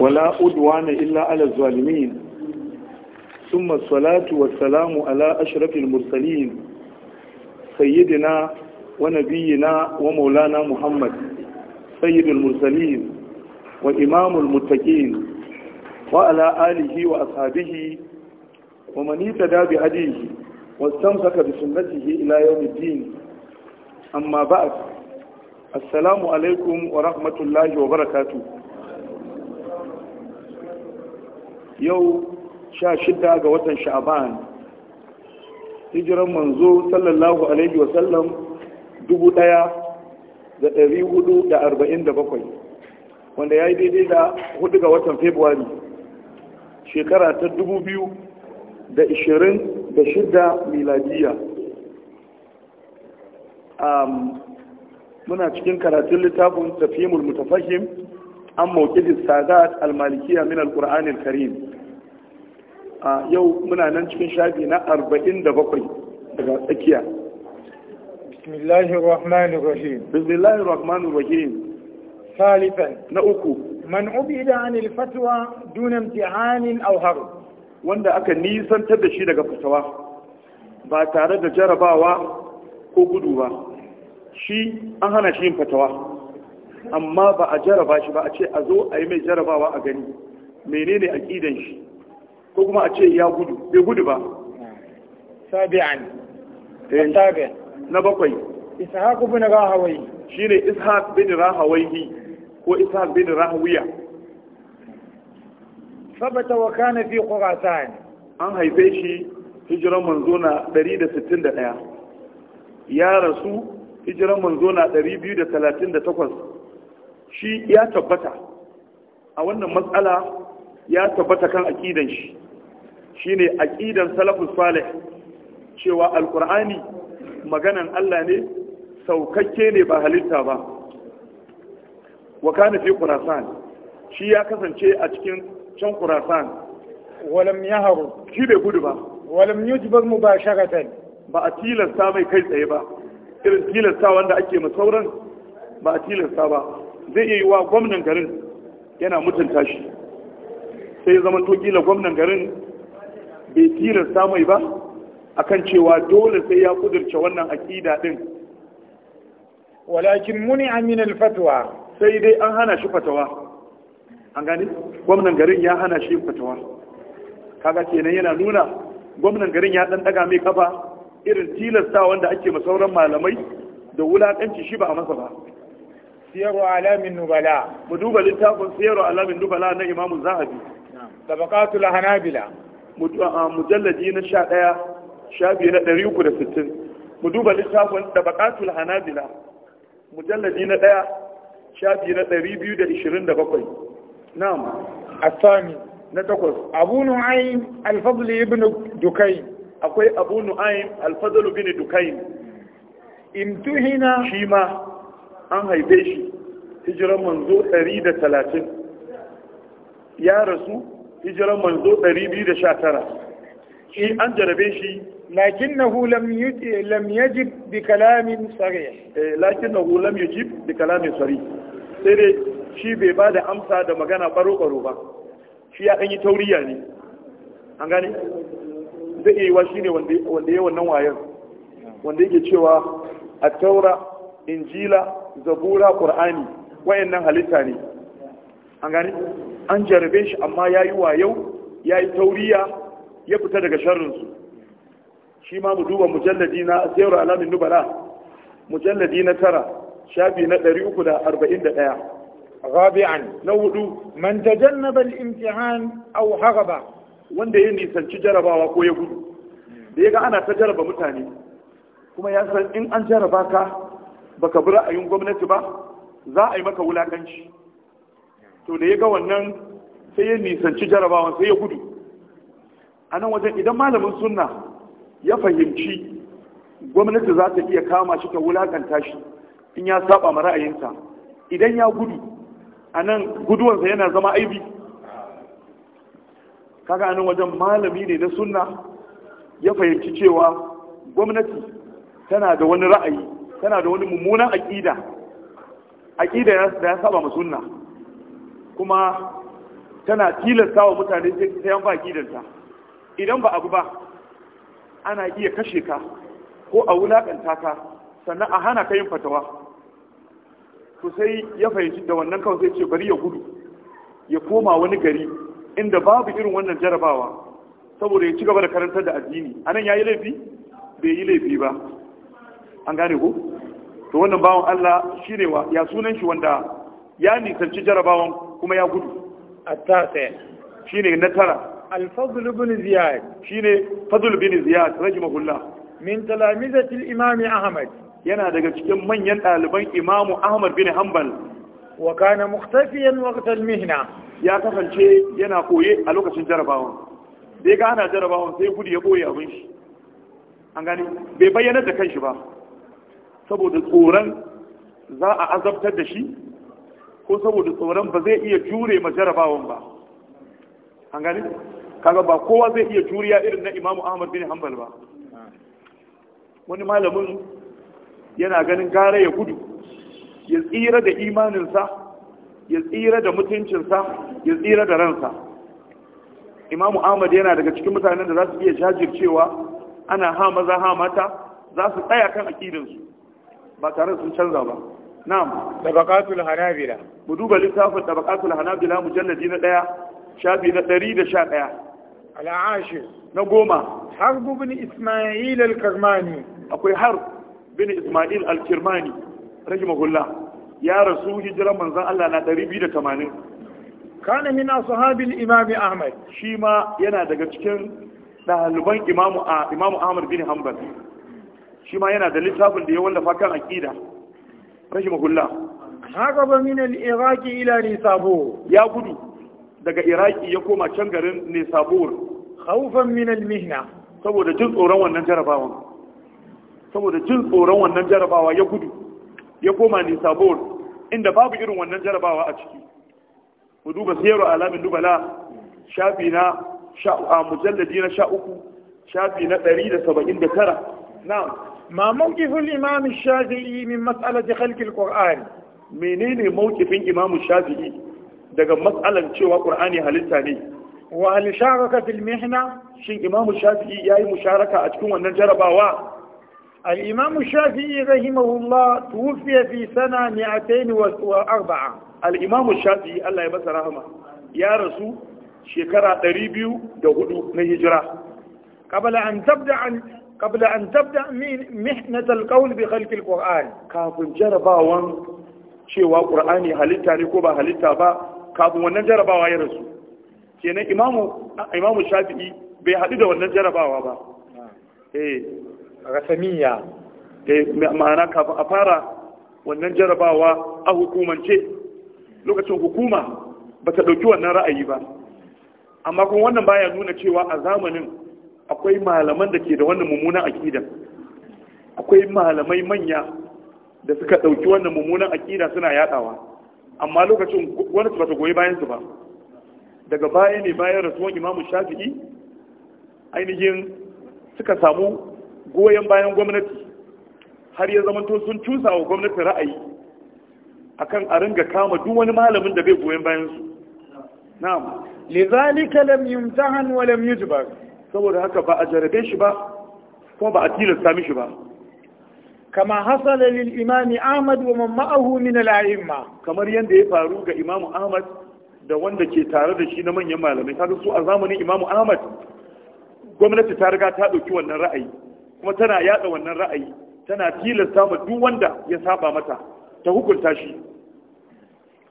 ولا أدوان إلا على الظالمين ثم الصلاة والسلام على أشرف المرسلين سيدنا ونبينا ومولانا محمد سيد المرسلين وإمام المتقين وعلى آله وأصحابه ومن يتدى بهديه واستمسك بسنته إلى يوم الدين أما بعد السلام عليكم ورحمة الله وبركاته yau sha shida ga watan sha'aban hijiran manzo sallallahu alaihi wasallam dubu daya da dari hudu da arba'in da bakwai wanda ya yi daidai da hudu ga watan februari shekara ta dubu biyu da ishirin da shida miladiya muna cikin karatun littafin tafiyimul mutafahim an mauki sadat al-malikiya min al-qur'anil karim a yau muna nan cikin shafi na arba'in da bakwai daga tsakiya bismillahir rahmanir rahim bismillahir na uku man ubida anil fatwa duna imtihanin aw wanda aka nisantar da shi daga fatawa ba tare da jarabawa ko gudu ba shi an hana shi yin fatawa amma ba a jaraba shi ba a ce a zo a yi mai jarabawa a gani menene aqidan shi ko kuma a ce ya gudu bai gudu ba sabi'an eh, sabi'an na bakwai ishaq bin rahawai shine ishaq bin rahawai ko ishaq bin rahawiya sabata wa kana fi qurasan an haife shi hijiran manzo na 161 ya rasu hijiran manzo na 238 shi ya tabbata a wannan matsala ya tabbata kan akidan shi shine aqidan salafus salih cewa alqur'ani maganan Allah ne saukakke ne ba halitta ba wa kana fi qurasan shi ya kasance a cikin can qurasan walam yahru shi bai gudu ba walam yujbar mubasharatan ba a tilasta mai kai tsaye ba irin tilasta wanda ake masauran ba a tilasta ba zai iya yi wa gwamnan garin yana mutunta shi sai ya zama kila gwamnan garin bai tilasta mai ba akan cewa dole sai ya kudurce wannan aƙida din walakin muni amin alfatwa sai dai an hana shi fatawa an gani gwamnan garin ya hana shi fatawa kaga kenan yana nuna gwamnan garin ya ɗan ɗaga mai kafa irin tilasta wanda ake ma sauran malamai da wulaƙanci shi ba a masa ba siyaru alamin nubala mu duba littafin siyaru alamin nubala na imamu zahabi la hanabila mujalladi na sha ɗaya sha biyu na ɗari uku da sittin mu duba littafin da baƙatul hanabila mujalladi na ɗaya sha biyu na ɗari biyu da ishirin da bakwai na'am asami na takwas abu nu'ayin al ibn dukai. akwai abu nu'ayin al-fadl ibn dukayn imtuhina shi ma an haife shi hijiran manzo talatin ya rasu hijiran manzo 219 in an jarabe shi lakinnahu lam lam yajib bi kalamin sarih eh, lakinnahu lam yajib bi kalamin sarih sai dai shi bai ba da amsa da magana baro baro ba shi ya ɗan yi tauriya ne an gane zai iya yiwa ne wanda ya wannan wayar wanda yake cewa a taura injila zabura qur'ani wayannan halitta ne an gane an jarabe shi amma ya yi wayau ya yi tauriya ya fita daga sharrinsu shi ma mu duba mujalladi na zero alamin nubala mujalladi na tara shafi na 341 rabi'an na hudu man tajannaba al-imtihan aw haraba wanda ya nisanci jarabawa ko ya gudu da yaga ana ta jaraba mutane kuma ya san in an jaraba ka baka bi ra'ayin gwamnati ba za a yi maka wulakanci to da ya ga wannan sai ya nisanci jarabawan sai ya gudu a nan wajen idan malamin sunna ya fahimci gwamnati za ta iya kama shi ta wulakanta shi in ya saba ma ra'ayinsa idan ya gudu a nan guduwansa yana zama aibi kaga a nan wajen malami ne na sunna ya fahimci cewa gwamnati tana da wani ra'ayi tana da wani mummunan aƙida aƙida da ya saba ma sunna kuma tana tilasta wa mutane sai an ba gidanta idan ba abu ba ana iya kashe ka ko a wulakanta ka sannan a hana ka yin fatawa to sai ya fahimci da wannan kawai sai ce bari ya gudu ya koma wani gari inda babu irin wannan jarabawa saboda ya ci gaba da karantar da addini a nan ya yi laifi bai yi laifi ba an gane ko to wannan bawan Allah shi ne wa ya sunan shi wanda ya nisanci jarabawan kuma ya gudu at Shi ne na tara al-fadl ibn ziyad ne fadl ibn ziyad rahimahullah min talamizati al ahmad yana daga cikin manyan ɗaliban imamu ahmad bin hanbal wa kana mukhtafiyan waqt mihna ya kasance yana koye a lokacin jarabawa da ga ana jarabawa sai gudu ya boye abin shi an gani bai bayyana da kanshi ba saboda tsoron za a azabtar da shi ko saboda tsoron ba zai iya jure ma jarabawan ba an gani kaga ba kowa zai iya juriya irin na imamu ahmad bin hanbal ba wani malamin yana ganin gara ya gudu ya tsira da imaninsa ya tsira da mutuncinsa ya tsira da ransa imamu ahmad yana daga cikin mutanen da za su iya jajircewa ana ha maza ha mata za su tsaya kan akidinsu ba tare sun canza ba na'am tabaqatul hanabila mu duba littafin tabaqatul hanabila mujalladi na daya shafi na 111 al'ashir na goma harbu bin isma'il al akwai harb bin isma'il al-kirmani rahimahullah ya rasu hijiran manzon Allah na 280 kana min ashabil imam ahmad shi yana daga cikin ɗaliban imamu ahmad bin hanbal shi yana da littafin da ya wallafa kan aƙida. rahimahullah haka ba min Iraki ila nisabur ya gudu daga iraki ya koma can garin nisabur khawfan min al-mihna saboda jin tsoron wannan jarabawa saboda jin tsoron wannan jarabawa ya gudu ya koma nisabur inda babu irin wannan jarabawa a ciki mu duba siyaru alamin dubala shafi na a mujalladi na sha uku shafi na ɗari da saba'in da tara na ما موقف الإمام الشافعي من مسألة خلق القرآن menene mawkifin imamu shafi'i daga matsalan cewa qur'ani halitta ne wa hal sharaka fil mihna shin imamu shafi'i yayi musharaka a cikin wannan jarabawa al imamu shafi'i rahimahullah tuwfiya fi sana 204 al imamu shafi'i Allah ya masa rahama ya rasu shekara hudu na hijira qabla an tabda an قبل أن تبدأ محنة القول بخلق القرآن كافن جرباوان cewa ƙur'ani halitta ne ko ba halitta ba kafin wannan jarabawa ya rasu kenan imamu shafi'i bai haɗu da wannan jarabawa ba ah. eh rasamiya eh ma'ana kafin a fara wannan jarabawa a hukumance lokacin hukuma ba ta ɗauki wannan ra'ayi ba amma kuma wannan baya nuna cewa a zamanin akwai malaman da ke da wannan mummunan akidan akwai malamai manya da suka ɗauki wannan mummunan akida suna yadawa amma lokacin gwamnati ba ta goyi bayan su ba daga baya ne bayan rasuwan imamu shafi'i ainihin suka samu goyon bayan gwamnati har ya zamanto sun cusa wa gwamnati ra'ayi akan a ringa kama duk wani malamin da bai goyon bayan su na'am lizalika lam yumtahan wa lam yujbar saboda haka ba a jarabe shi ba kuma ba a tilasta mishi ba kama hasala lil imami ahmad wa man ma'ahu min al a'imma kamar yanda ya faru ga imamu ahmad da wanda ke tare da shi na manyan malamai kaga su a zamanin imamu ahmad gwamnati ta riga ta dauki wannan ra'ayi kuma tana yada wannan ra'ayi tana tilasta ma duk wanda ya saba mata ta hukunta shi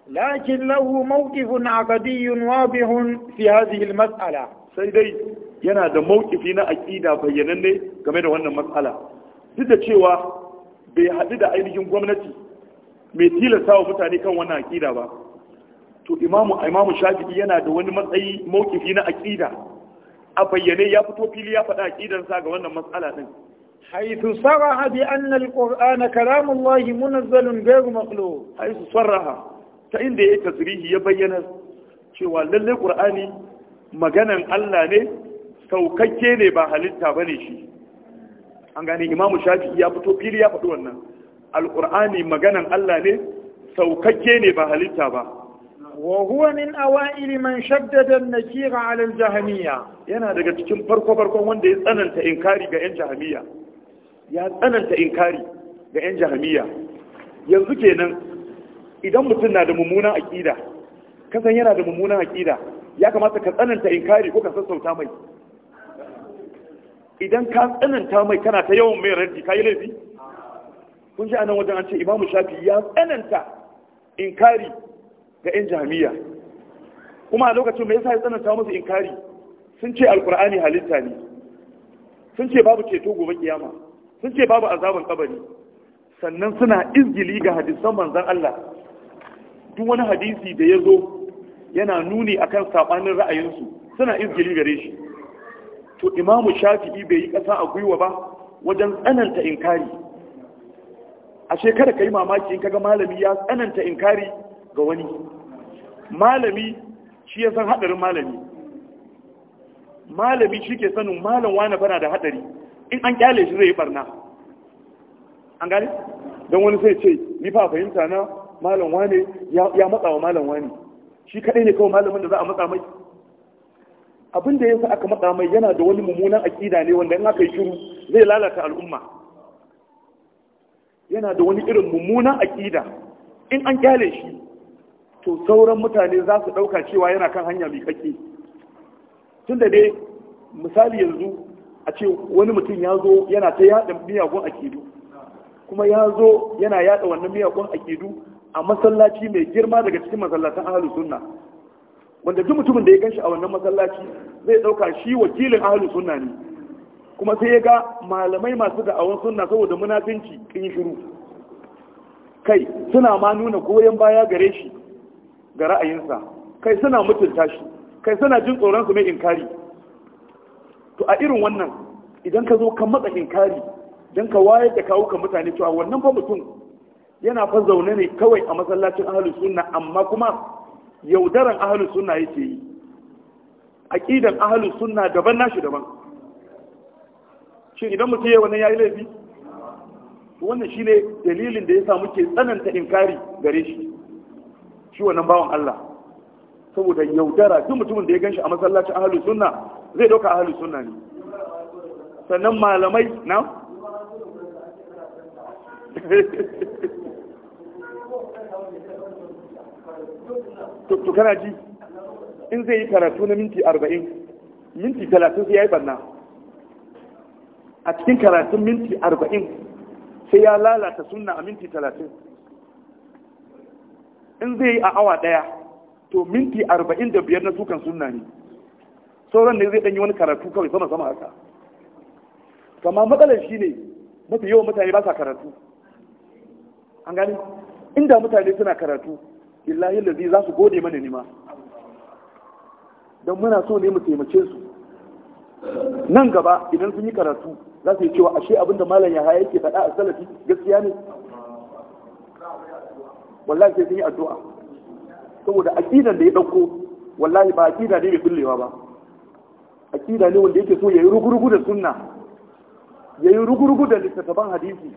lakin lahu mawqifun aqdiyyun wabihun fi hadhihi al mas'ala sai dai yana da mawkifi na aƙida ne game da wannan matsala duk da cewa bai haɗu da ainihin gwamnati mai tilasta wa mutane kan wannan aƙida ba to imamu imamu shafi'i yana da wani matsayi maukifi na aƙida a bayyane ya fito fili ya faɗa aƙidansa ga wannan matsala din حيث صرح بأن القرآن كلام الله منزل غير ta ta ya yi tasrihi ya bayyana cewa lallai قرآني maganan Allah ne. saukakke ne ba halitta bane shi an gane imamu shafi'i ya fito fili ya faɗi wannan Alƙur'ani maganan Allah ne saukakke ne ba halitta ba wa huwa min awa'il man shaddada an nakira 'ala al-jahmiyya yana daga cikin farko farkon wanda ya tsananta inkari ga yan jahmiyya ya tsananta inkari ga yan jahmiyya yanzu kenan idan mutum na da mummunan aqida kasan yana da mummunan aqida ya kamata ka tsananta inkari ko ka sassauta mai idan ka tsananta mai kana ta yawan mai raddi ka yi laifi kun ji a nan wajen an ce imamu shafi ya tsananta inkari ga 'yan jami'a kuma a lokacin mai yasa ya tsananta musu inkari sun ce alkur'ani halitta ne sun ce babu ceto gobe kiyama sun ce babu azaban kabari sannan suna izgili ga hadisan manzan Allah duk wani hadisi da ya zo yana nuni akan saɓanin ra'ayinsu suna izgili gare shi to imamu shafi'i bai yi ƙasa a gwiwa ba wajen tsananta inkari A shekara ka yi mamaki in kaga malami ya tsananta inkari ga wani malami shi ya san haɗarin malami malami shi ke sanin malam wani bana da haɗari in an kyale shi zai yi barna an gane don wani sai ce ni fa fahimta na malam wane ya matsa wa malam wane shi kaɗai ne kawai malamin da za a matsa mai abin da yasa aka matsa mai yana da wani mummunan akida ne wanda in aka yi shiru zai lalata al'umma yana da wani irin mummunan akida in an kyale shi to sauran mutane za su ɗauka cewa yana kan hanya mai kake tun da dai misali yanzu a ce wani mutum ya zo yana ta yada miyagun akidu kuma ya zo yana yada wannan miyagun akidu a masallaci mai girma daga cikin masallatan ahalus sunna wanda duk mutumin da ya ganshi a wannan masallaci zai dauka shi wakilin ahlus sunna ne kuma sai ya ga malamai masu da'awan sunna saboda munafinci kin shiru kai suna ma nuna goyon baya gare shi ga ra'ayinsa kai suna mutunta shi kai suna jin tsoron su mai inkari to a irin wannan idan ka zo kan matsa inkari don ka wayar da kawo ka mutane cewa wannan fa mutum yana fa zaune ne kawai a masallacin ahlus sunna amma kuma yaudaran ahalus sunna yake yi aqidan ahalus sunna daban nashi daban shin idan mutum ya wannan yayi laifi wannan shine dalilin da yasa muke tsananta inkari gare shi shi wannan bawan Allah saboda yaudara duk mutumin da ya ganshi a masallacin ahalus sunna zai ɗauka ahalus sunna ne sannan malamai na to kana ji in zai yi karatu na minti arba'in minti talatin sai ya yi banna a cikin karatun minti arba'in sai ya lalata sunna a minti talatin in zai yi a awa daya to minti arba'in da biyar na sukan sunna ne sauran ne zai danyi wani karatu kawai sama sama haka kama matsalar shi ne mafi yawan mutane ba sa karatu an gani inda mutane suna karatu billahi lazi za su gode mana nima don muna so ne mu taimake su nan gaba idan sun yi karatu za su yi cewa ashe abinda malam ya haya yake faɗa a salafi gaskiya ne wallahi sai sun yi addu'a saboda aqidan da ya ɗauko, wallahi ba aqida ne mai kullewa ba aqida ne wanda yake so yayi rugurugu da sunna yayi rugurugu da littattafan hadisi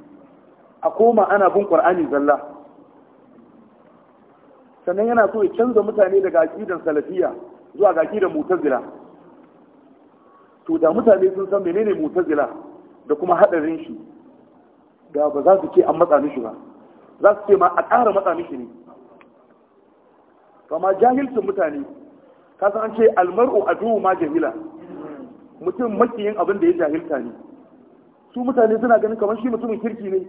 a koma ana bin qur'ani zalla sannan yana so ya canza mutane daga aqidan salafiya zuwa ga aqidan mu'tazila to da mutane sun san menene mu'tazila da kuma hadarin shi da ba za su ce an matsa mishi ba za su ce ma a ƙara matsa mishi ne kama jahilcin mutane ka san an ce almar'u aduwu ma jahila mutum makiyin abin da ya jahilta ne su mutane suna ganin kamar shi mutumin kirki ne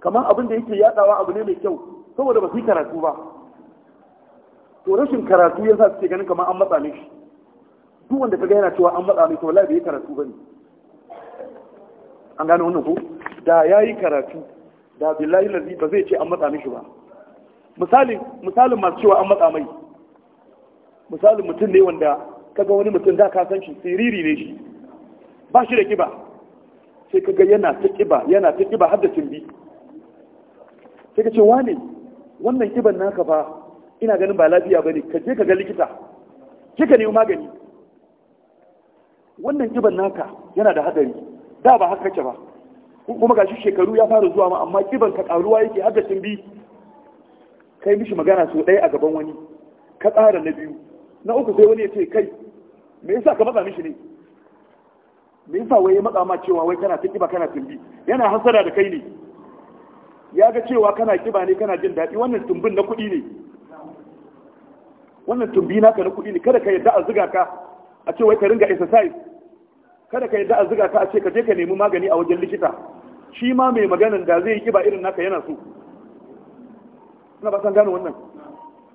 kamar abin da yake yadawa abu ne mai kyau saboda ba su yi karatu ba to rashin karatu yasa suke ganin kamar an matsa mishi duk wanda ka yana cewa an matsa mishi wallahi bai karatu bane an gano wannan ko da yayi karatu da billahi lazi ba zai ce an matsa mishi ba misalin misalin masu cewa an matsa mai misalin mutum ne wanda kaga wani mutum da ka san shi siriri ne shi ba shi da kiba sai kaga yana ta kiba yana ta kiba har da tumbi sai ka ce wane wannan kiban naka ba ina ganin ba lafiya ba ne ka je ka ga likita Ke ka nemi magani wannan kiban naka yana da hadari da ba haka ce ba kuma gashi shekaru ya fara zuwa ma amma kiban ka karuwa yake haka tun bi kai mishi magana so ɗaya a gaban wani ka tsara na biyu na uku sai wani ya ce kai me yasa ka matsa mishi ne me yasa wai ya matsa ma cewa wai kana ta kiba kana tumbi yana hasara da kai ne ya ga cewa kana kiba ne kana jin daɗi wannan tumbin na kuɗi ne wannan tumbi naka na kuɗi ne kada ka yadda a ziga ka a ce wai ka ringa exercise kada ka yadda a ziga ka a ce ka je ka nemi magani a wajen likita shi ma mai maganan da zai yi kiba irin naka yana so ina ba san gane wannan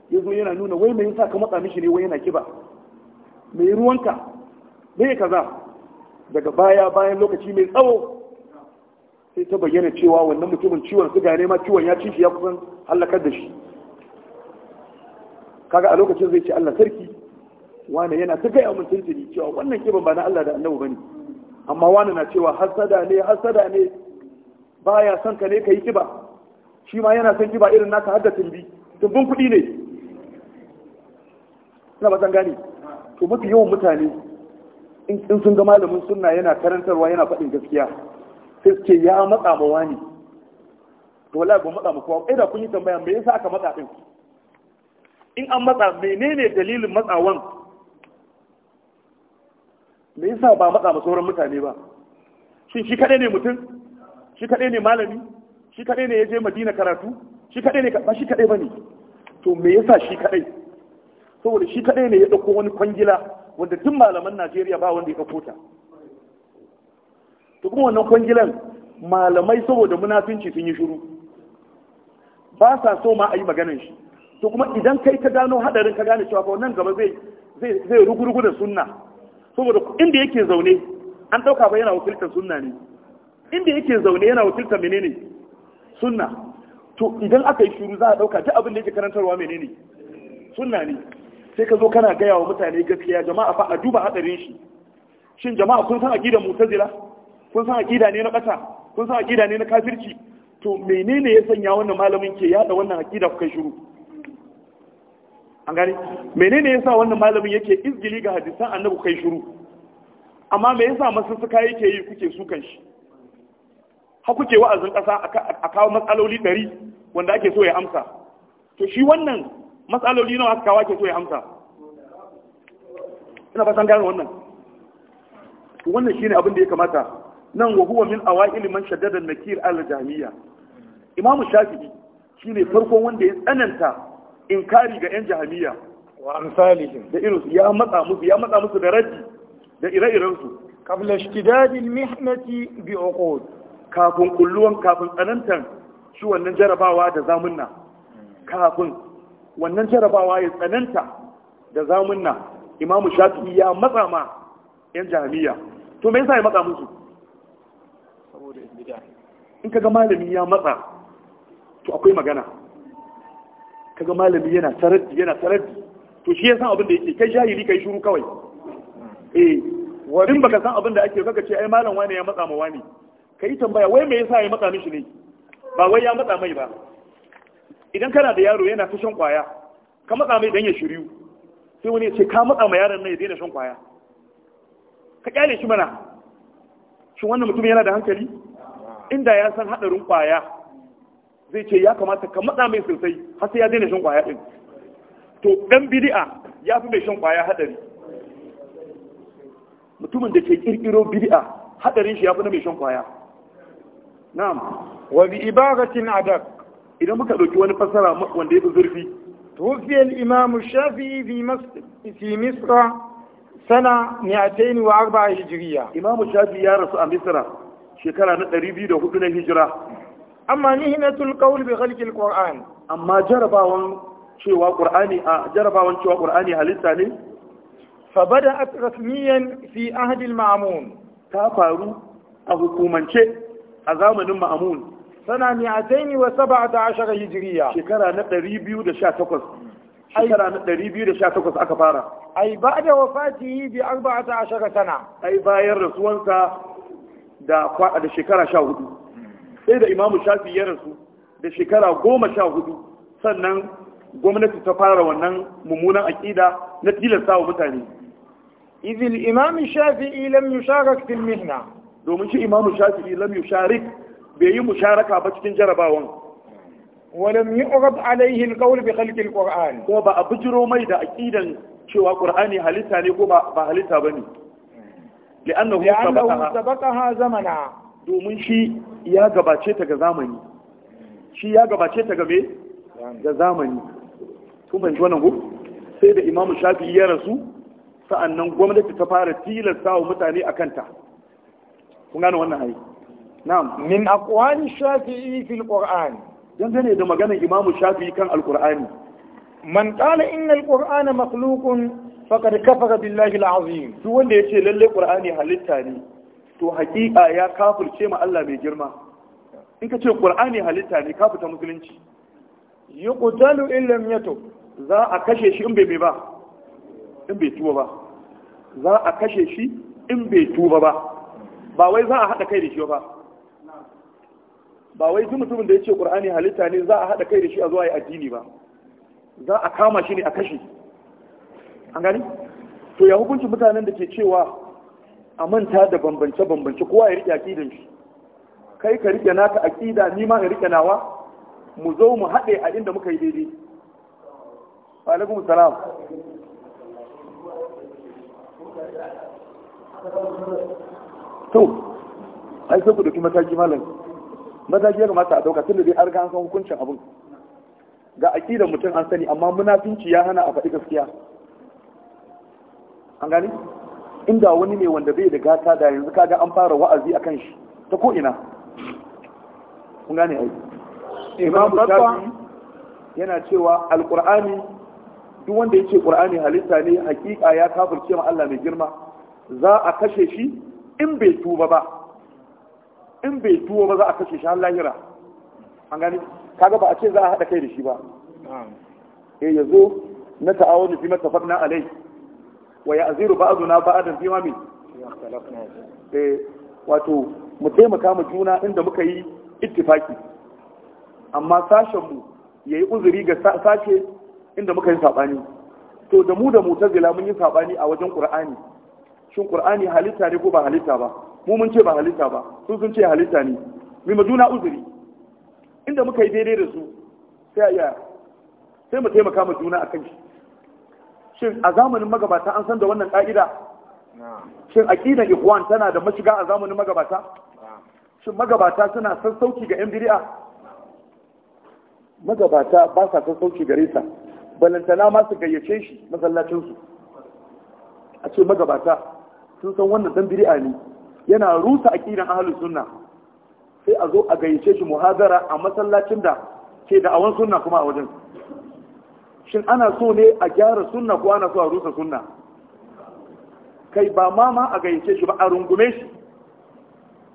ya zo yana nuna wai mai yasa ka matsa mishi ne wai yana kiba mai ruwanka mai kaza daga baya bayan lokaci mai tsawo sai ta bayyana cewa wannan mutumin ciwon suga ne ma ciwon ya ci shi ya kusan halakar da shi kaga a lokacin zai ce Allah sarki wani yana ta gaya mun tuntuni cewa wannan kiban ba na Allah da annabi bane amma wani na cewa hasada ne hasada ne baya son ka ne kai kiba shi ma yana son kiba irin naka hadda tumbi tumbin kuɗi ne na ba gane to mafi yawan mutane in sun ga malamin sunna yana karantarwa yana faɗin gaskiya sai suke ya matsa ma wani to wallahi ba matsa ma kowa ai da kun yi tambaya me yasa aka matsa din in an matsa menene dalilin matsawan me yasa ba matsa ma sauran mutane ba shin shi kaɗai ne mutum shi kaɗai ne malami shi kaɗai ne ya je madina karatu shi kadai ne ba shi kaɗai ba ne to me yasa shi kaɗai saboda shi kaɗai ne ya ɗauko wani kwangila wanda tun malaman najeriya ba wanda ya ɗauko ta to kuma wannan kwangilan malamai saboda munafinci sun yi shiru ba sa so ma a yi maganan shi to kuma idan kai ka gano hadarin ka gane cewa wannan gaba zai zai rugurugu da sunna saboda inda yake zaune an dauka ba yana wakiltar sunna ne inda yake zaune yana wakiltar menene sunna to idan aka yi shiru za a dauka duk abin da yake karantarwa menene sunna ne sai ka zo kana gaya wa mutane gaskiya jama'a fa a duba hadarin shi shin jama'a kun san aqidar mu'tazila kun san aqida ne na kasa kun san aqida ne na kafirci to menene ya sanya wannan malamin ke yada wannan aqida kuka shiru an gani menene yasa wannan malamin yake izgili ga hadisan annabi kai shiru amma me yasa masussuka yake yi kuke sukan shi ha kuke wa'azin ƙasa a kawo matsaloli ɗari wanda ake so ya amsa to shi wannan matsaloli nawa aka kawo ake so ya amsa ina san gane wannan to wannan shine abin da ya kamata nan wa huwa min awail man shaddada nakir al jahmiya imamu shafi'i shine farkon wanda ya tsananta inkari ga 'yan jahamiya wa amsalihim da ya matsa musu ya matsa musu da raddi da ire-irensu qabla ishtidadil mihnati bi uqud kafin kulluwan kafin tsanantan shi wannan jarabawa da zamunna kafin wannan jarabawa ya tsananta da zamunna imam shafi'i ya matsa ma 'yan jahamiya to me yasa ya matsa musu saboda in kaga malami ya matsa to akwai magana kaga malami yana taraddi yana taraddi to shi yasa abin da yake kai jahili kai shuru kawai eh wadin baka san abin da ake baka ce ai malam wani ya matsa ma wani kai tambaya wai me yasa ya matsa mishi ne ba wai ya matsa mai ba idan kana da yaro yana ta shan kwaya ka matsa mai dan ya shiryu sai wani ya ce ka matsa ma yaron nan ya daina shan kwaya ka kyale shi mana shin wannan mutum yana da hankali inda ya san hadarin kwaya zai ce ya kamata ka matsa mai sosai har sai ya daina shan kwaya din to dan bid'a ya fi mai shan kwaya hadari mutumin da ke kirkiro bid'a hadarin shi ya fi na mai shan kwaya na'am wa bi ibaratin adak idan muka dauki wani fasara wanda ya fi zurfi توفي الإمام الشافعي في مصر في مصر سنة 204 هجرية إمام الشافعي يا رسول مصر شكرا نقريبي ده هجرة amma nihnatul qawl bi khalqil qur'an amma jarabawan cewa qur'ani a jarabawan cewa qur'ani halitta ne fa bada'at rasmiyan fi ahdi al ta faru a hukumance a zamanin Tana sana mi'ataini wa sab'ata ashara hijriya shekara na 218 shekara na 218 aka fara ai ba'da wafatihi bi 14 sana ai bayan rasuwansa da da shekara 14 sai da imamu shafi ya rasu da shekara goma sha hudu sannan gwamnati ta fara wannan mummunan aƙida na tilasta wa mutane izil imamu shafi'i lam yusharak fil mihna domin shi imamu shafi'i lam yusharik bai yi musharaka ba cikin jarabawan walam yu'rab alayhi alqawl bi khalqi alquran ko ba a bijiro mai da aqidan cewa qur'ani halitta ne ko ba ba halitta bane hmm. li'annahu sabaqaha domin shi ya gabace ta ga zamani shi ya gabace ta game ga zamani kun fahimci wannan ku? sai da imamu shafi ya rasu sa'annan gwamnati ta fara tilasta wa mutane a kanta kun gano wannan ai na'am min aqwali shafi'i fil qur'an dangane da maganar imamu shafi'i kan alqur'ani man qala inna alqur'ana makhluqun faqad kafara billahi alazim duk wanda yace lalle qur'ani halitta ne to hakika ya kafirce ma Allah mai girma in ka ce qur'ani halitta ne kafita musulunci yuqtalu illam lam yatub za a kashe shi in bai ba in bai tuba ba za a kashe shi in bai tuba ba ba wai za a hada kai da shi ba ba wai duk mutumin da ya ce qur'ani halitta ne za a hada kai da shi a zuwa yi addini ba za a kama shi ne a kashe an gani to ya hukuncin mutanen da ke cewa a manta da bambance-bambance kowa ya riƙe aƙidan shi kai ka riƙe naka aƙida ni ma ka riƙe nawa mu zo mu haɗe a inda muka yi daidai wa alaikum salam to ai sai ku dauki mataki malam mataki ya kamata a dauka da dai arga ga an san hukuncin abin ga aƙidan mutum an sani amma munafinci ya hana a faɗi gaskiya an gani inda wani ne wanda bai da gata da yanzu kaga an fara wa'azi akan shi ta ko ina kun gane ai eh, imam shafi yana cewa alqur'ani duk wanda yake qur'ani halitta ne hakika ya kafirce ma Allah mai girma za a kashe shi in bai tuba ba in bai tuba ba za a kashe shi har lahira an gani kaga ba a ce za a haɗa kai da shi ba eh yazo na ta'awuni fi matafaqna alai wa ya aziru ba'duna ba'dan fi ma min eh wato mu taimaka mu juna inda muka yi ittifaki amma sashen mu yayi uzuri ga sace inda muka yi sabani to da mu da mutazila mun yi sabani a wajen qur'ani shin qur'ani halitta ne ko ba halitta ba mu mun ce ba halitta ba su sun ce halitta ne mu ma juna uzuri inda muka yi daidai da su sai a sai mu taimaka mu juna akan shi shin a zamanin magabata an san da wannan ƙa'ida? shin aqidan ikhwan tana da mashiga a zamanin magabata shin magabata suna sassauci ga yan biri'a? magabata ba sa sassauci gare sa balantana ma su gayyace shi masallacinsu. a ce magabata sun san wannan dan biri'a ne yana rusa aqidan ahalin sunna sai a zo a gayyace shi muhadara a masallacin da ke da awan sunna kuma a wajen su shin ana so ne a gyara sunna ko ana so a rusa sunna kai ba ma ma a gayyace shi ba a rungume shi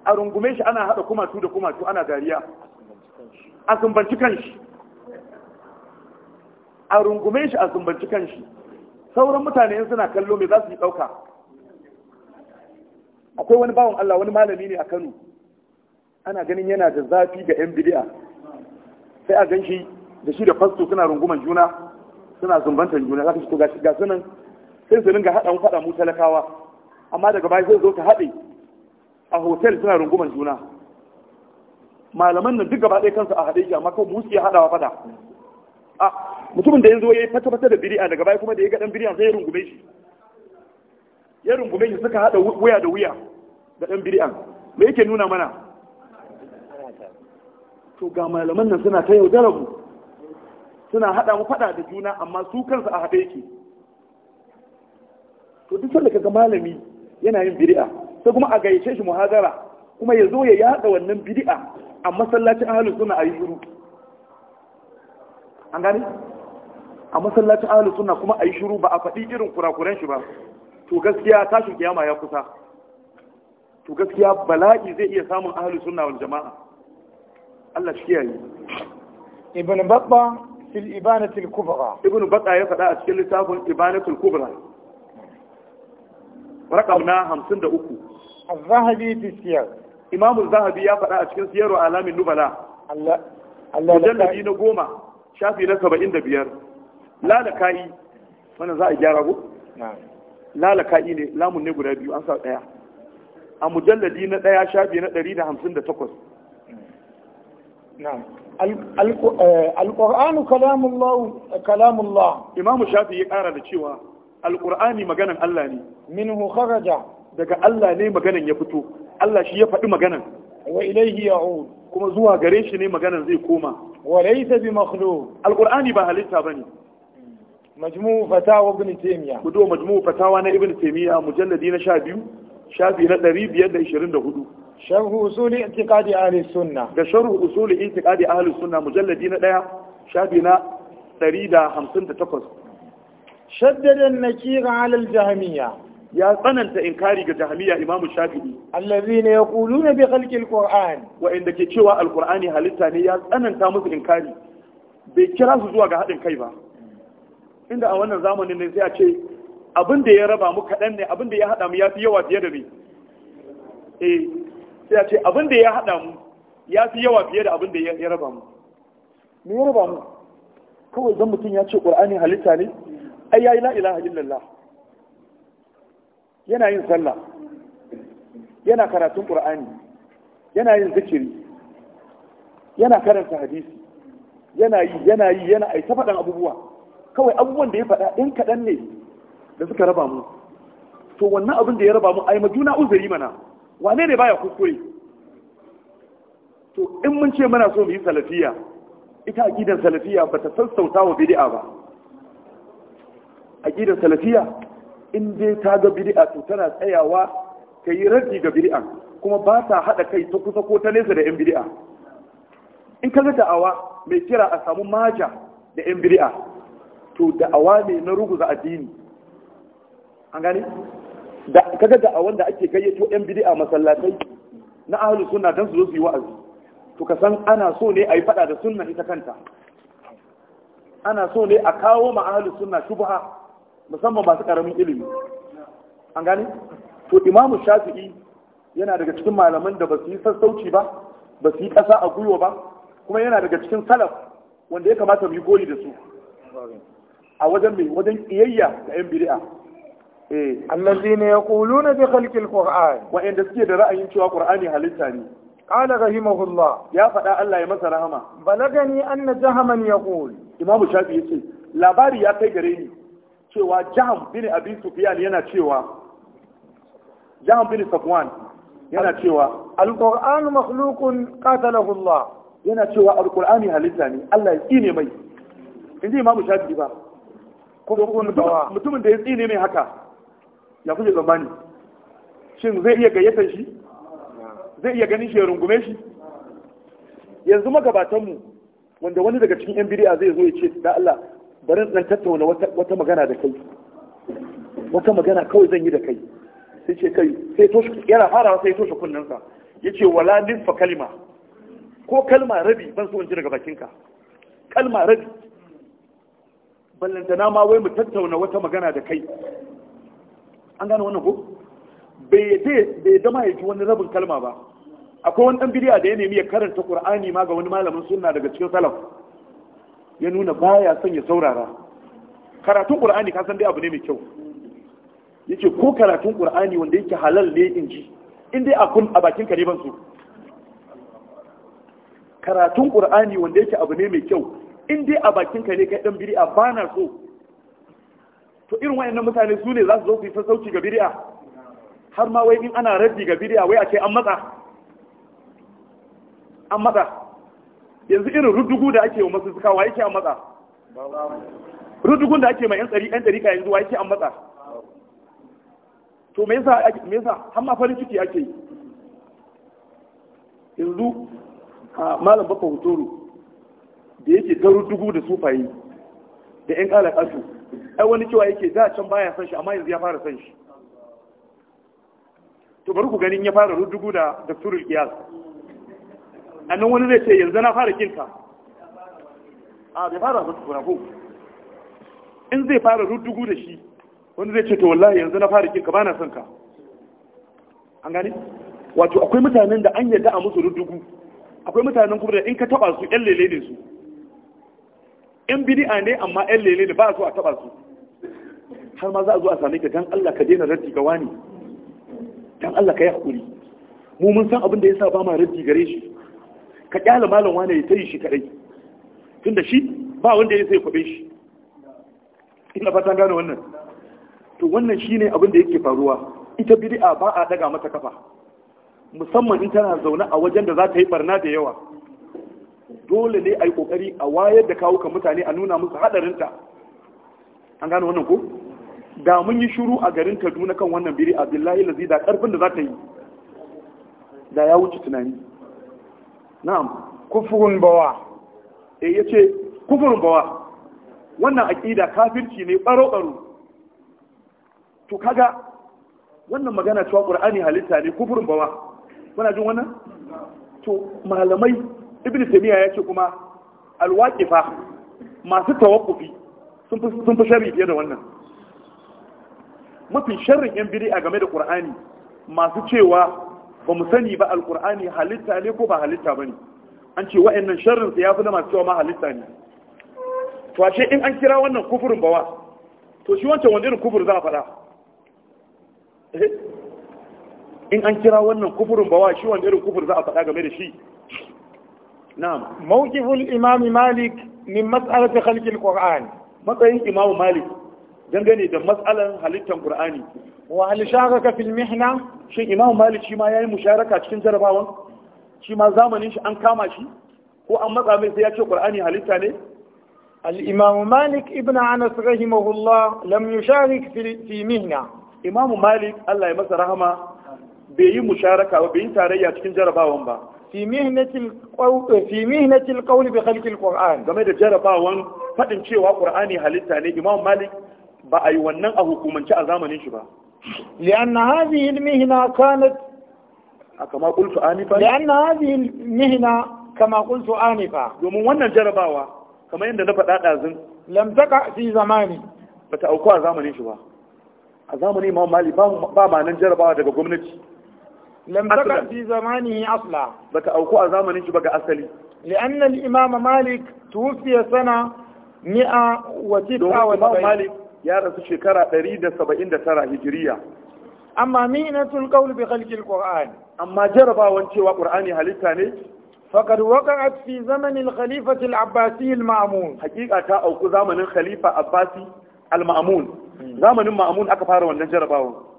a rungume shi ana haɗa kumatu da kumatu ana dariya a sumbanci kanshi a rungume shi a sumbanci kanshi sauran mutane suna kallo mai za su yi ɗauka akwai wani bawon Allah wani malami ne a Kano ana ganin yana da zafi ga 'yan bidi'a sai a gan shi da shi da fasto suna runguman juna suna zumbantar juna za ka shigo ga sunan sai su ringa haɗa faɗa mu talakawa amma daga baya sai zo ta haɗe a hotel suna runguman juna malaman nan duk gaba ɗaya kansu a haɗe shi amma kawai musu ya haɗawa faɗa a mutumin da ya zo ya yi fata-fata da biri'a daga baya kuma da ya ga ɗan biri'a sai ya rungume shi ya rungume shi suka haɗa wuya da wuya da ɗan biri'a me yake nuna mana to ga malaman nan suna ta yaudarar mu suna haɗa mu faɗa da juna amma su kansu a haɗe yake to duk sanda kaga malami yana yin bid'a sai kuma a gaishe shi muhadara kuma ya zo ya yaɗa wannan bid'a a masallacin ahlus sunna a yi shiru an gane a masallacin ahlus sunna kuma a yi shiru ba a faɗi irin kurakuran shi ba to gaskiya tashin kiyama ya kusa to gaskiya bala'i zai iya samun ahlus sunna wal jama'a Allah shi kiyaye ibn babba fil ibanatul ya faɗa a cikin littafin ibanatul kubra rakam na 53 az-zahabi fi siyar imam az-zahabi ya faɗa a cikin siyaru alamin nubala Allah mujalladi na goma shafi na 75 lalaka'i wannan za a gyara ko lalaka'i ne lamun ne guda biyu an sa daya a mujalladi na shafi na alƙur'anu eh, kalamullah imamu shafi ya ƙara da cewa alƙur'ani maganan Allah ne minhu kharaja daga Allah ne maganan ya fito Allah shi ya faɗi maganan wa ilaihi ya'ud kuma zuwa gare shi ne maganan zai koma wa laysa bi makhluq alƙur'ani ba halitta bane majmu'u fatawa ibn taymiya fatawa na ibn taymiya mujalladi na biyu? shafi na 524 a usul i'tiqadi ahli sunna da sharh usul i'tiqadi ahli sunna mujalladi na 1 shafi na 158 shaddada an-nakira 'ala al-jahmiyya ya tsananta inkari ga jahmiya imamu shafi'i allazina yaquluna bi khalqi al wa inda ke cewa al halitta ne ya tsananta musu inkari bai kira su zuwa ga haɗin kai ba inda a wannan zamanin ne sai ce abin da ya raba mu kaɗan ne abin da ya haɗa mu ya fi yawa fiye da eh, sai ce abin da ya haɗa mu ya fi yawa fiye da abin da ya raba mu me ya raba mu kawai zan mutum ya ce ƙur'ani halitta ne ai yayi yi ilaha illallah yana yin sallah yana karatun ƙur'ani yana yin zikiri yana karanta hadisi yana yi yana yi yana ai faɗan abubuwa kawai abubuwan da ya faɗa ɗin kaɗan ne da suka raba mu to wannan abin da ya raba mu ai ma juna uzuri mana wane ne baya kuskure to in mun ce muna so mu yi salafiya ita aqidar salafiya bata sassauta wa bid'a ba aqidar salafiya in dai ta ga bid'a to tana tsayawa ta yi raddi ga bid'a kuma ba ta hada kai ta kusa ko ta nesa da yan bid'a in ka ga da'awa mai kira a samu maja da yan bid'a to da'awa ne na ruguza addini an gani da kaga da wanda ake gayyato yan bid'a masallatai na ahlus sunna dan su zo su yi wa'azi to ka san ana so ne a yi fada da sunna ita kanta ana so ne a kawo ma ahlus sunna shubha musamman masu karamin ilimi an gani to imamu shafi'i yana daga cikin malaman da ba su yi sassauci ba ba su yi ƙasa a gwiwa ba kuma yana daga cikin salaf wanda ya kamata mu yi goyi da su a wajen mai wajen ƙiyayya ga 'yan bid'a allazina yaquluna bi khalqil qur'an wa'inda suke da ra'ayin cewa qur'ani halitta ne qala rahimahullah ya faɗa Allah ya masa rahama balagani anna jahaman yaqul imamu shafi yace labari ya kai gare ni cewa jaham bin abi sufyan yana cewa jaham bin safwan yana cewa alqur'anu makhluqun qatalahu yana cewa alqur'ani halitta ne Allah tsine mai shafi ba mutumin da ya tsine mai haka ya kuke tsammani shin zai iya gayyatar shi zai iya ganin shi ya rungume shi yanzu magabatanmu wanda wani daga cikin yan bidiya zai zo ya ce da Allah bari dan tattauna wata magana da kai wata magana kawai zan yi da kai sai ce kai sai toshe yana farawa sai toshe kunnensa yace wala nifa kalima ko kalma rabi ban so in ji daga bakinka kalma rabi ballantana ma wai mu tattauna wata magana da kai an gane wannan ko bai dama ya ji wani rabin kalma ba akwai wani ɗan bidiya da ya nemi ya karanta qur'ani ma ga wani malamin sunna daga cikin salaf ya nuna baya son ya saurara karatun qur'ani ka san dai abu ne mai kyau ce ko karatun qur'ani wanda yake halal ne in ji in dai akun a bakin ka ne ban so. karatun qur'ani wanda yake abu ne mai kyau in dai a bakin ka ne kai dan ba na so to irin wayannan mutane su ne za su zo su yi sassauci ga bid'a har ma wai in ana raddi ga bid'a wai a ce an matsa an matsa yanzu irin rudugu da ake wa masu suka wa yake an matsa rudugun da ake mai yan tsari yan yanzu wa yake an matsa to me yasa me yasa har ma farin ciki ake yi yanzu malam bakwa hutoro da yake ta rudugu da sufaye da yan ƙala ƙasu ai wani cewa yake da can baya san shi amma yanzu ya fara san shi to bari ku ganin ya fara rudugu da dasturul qiyas annan wani zai ce yanzu na fara kinka a bai fara ba tukuna ko in zai fara rudugu da shi wani zai ce to wallahi yanzu na fara kinka ba na son ka an gani wato akwai mutanen da an yarda a musu rudugu akwai mutanen kuma da in ka taba su yan lele ne su yan bid'a ne amma yan lele ne ba su a taɓa su har ma za a zo a same ka dan Allah ka daina raddi ga wani dan Allah ka yi hakuri mu mun san abin da yasa ba ma raddi gare shi ka kyala malam wani ya tayi shi kadai tunda shi ba wanda ya sai kwabe shi ina fatan gane wannan to wannan shine abin da yake faruwa ita bid'a ba a daga mata kafa musamman in tana zaune a wajen da za ta yi barna da yawa dole ne a yi kokari a wayar da kawo kan mutane a nuna musu hadarinta an gano wannan ko da mun yi shiru a garin kaduna kan wannan biri a billahi lazi da karfin da za ta yi da ya wuce tunani na'am kufurun bawa e ya ce kufurun bawa wannan aƙida kafirci ne ɓaro-ɓaro to kaga wannan magana cewa ƙur'ani halitta ne kufurun bawa kuna jin wannan to malamai ibn taymiya ya ce kuma alwaqifa masu tawakkufi sun fi sun fi sharri fiye da wannan mafi sharrin yan a game da qur'ani masu cewa ba mu sani ba alqur'ani halitta ne ko ba halitta bane an ce wa'annan sharrin su yafi na masu cewa ma halitta ne to ashe in an kira wannan kufurin bawa to shi wancan wanda irin kufur za a faɗa eh? in an kira wannan kufurin bawa shi wanda irin kufur za a faɗa game da shi na'am mawqiful imam malik min mas'alati khalqil qur'an matsayin imam malik dangane da matsalan halittar qur'ani wa hal sharaka fil mihna shin imam malik shi ma yayi musharaka cikin jarabawan shi zamanin shi an kama shi ko an matsa mai sai ya ce Kur'ani halitta ne الإمام مالك ابن أنس رحمه الله لم يشارك في في مهنة إمام مالك الله يمسى رحمه بيي مشاركة وبيي تاريخ cikin jarabawan ba fi mihnatil qawl fi mihnatil qawl bi khalqi alquran game da jarabawan fadin cewa qur'ani halitta ne imam malik ba a yi wannan a hukumance a zamanin shi ba lianna hadhihi almihna kanat kama qultu anifa lianna hadhihi almihna kama qultu anifa domin wannan jarabawa kamar yadda na faɗa ɗazin lam taqa fi zamani bata auku a zamanin shi ba a zamanin imam malik ba ma nan jarabawa daga gwamnati lam zamani ya zamanihi asla bata auku a zamanin shi ba ga asali li'anna al-imam malik tuwfiya sana mi'a wa tisa wa malik ya rasu shekara 179 hijiriya amma minatul qawl bi khalqi al-qur'an amma jarabawan cewa halitta ne فقد وقعت في زمن الخليفة العباسي المأمون حقيقة zamanin زمن الخليفة العباسي المأمون زمن المأمون أكفار والنجر باون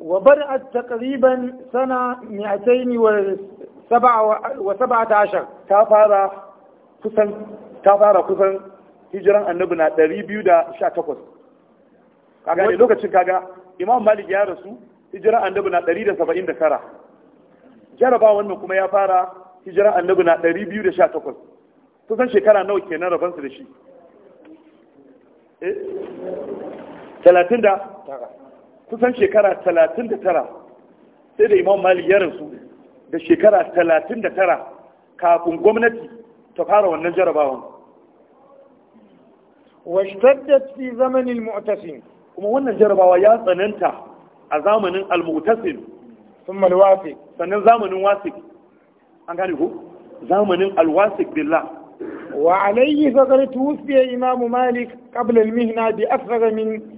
وبدأت تقريبا سنة 217 ta fara kusan ta fara kusan hijiran annabi na 218 kaga ne lokacin kaga imam malik ya rasu hijiran annabi na 179 jaraba wannan kuma ya fara hijiran annabi na 218 kusan shekara nawa kenan rabansu da shi eh da kusan shekara talatin da tara sai da imam malik ya rasu da shekara talatin da tara kafin gwamnati ta fara wannan jarabawan washtaddat fi zamanin mu'tasim kuma wannan jarabawa ya tsananta a zamanin al-mu'tasim Sun al-wasiq sannan zamanin wasik an gane ko zamanin al wasik billah wa alayhi faqad tuwfiya imam malik qabla al-mihna bi akthar min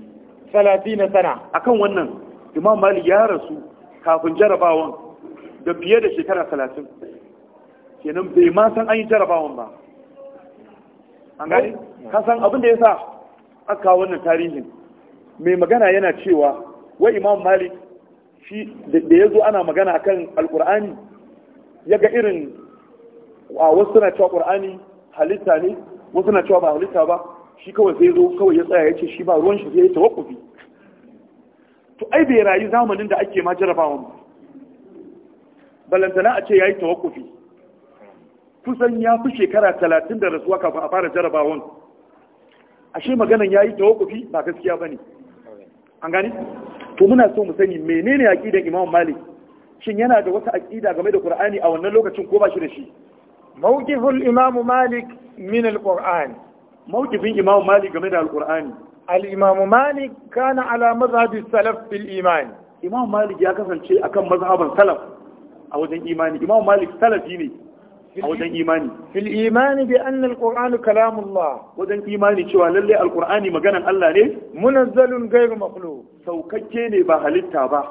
30 sana akan wannan imam malik ya rasu kafin jarabawan da fiye da shekara talatin, kenan bai ma san an yi jarabawan ba an gani ka san abin da ya sa aka wannan tarihin mai magana yana cewa wai imam malik shi da ya zo ana magana akan alkur'ani ya ga irin a wasu suna cewa ƙur'ani halitta ne wasu suna cewa ba halitta ba shi kawai zai zo kawai ya tsaya ya ce shi ba ruwan shi zai wakufi to ai bai rayu zamanin da ake ma jarabawa mu balantana a ce ya yi wakufi kusan ya fi shekara talatin da rasuwa kafin a fara jarabawan ashe maganan ya yi wakufi ba gaskiya ba ne an gani to muna so mu sani menene aƙidan imam malik shin yana da wata aqida game da qur'ani a wannan lokacin ko ba shi da shi mawqiful imam malik min al-qur'an mawkifin Imam Malik game da Al-Qur'ani Malik kana ala mazhabi salaf bil iman Imam Malik ya kasance akan mazhaban salaf a wajen imani Imam Malik salafi ne a wajen imani fil imani bi anna al-Qur'an wajen imani cewa lallai al-Qur'ani maganan Allah ne munazzalun ghayru makhluq saukakke ne ba halitta ba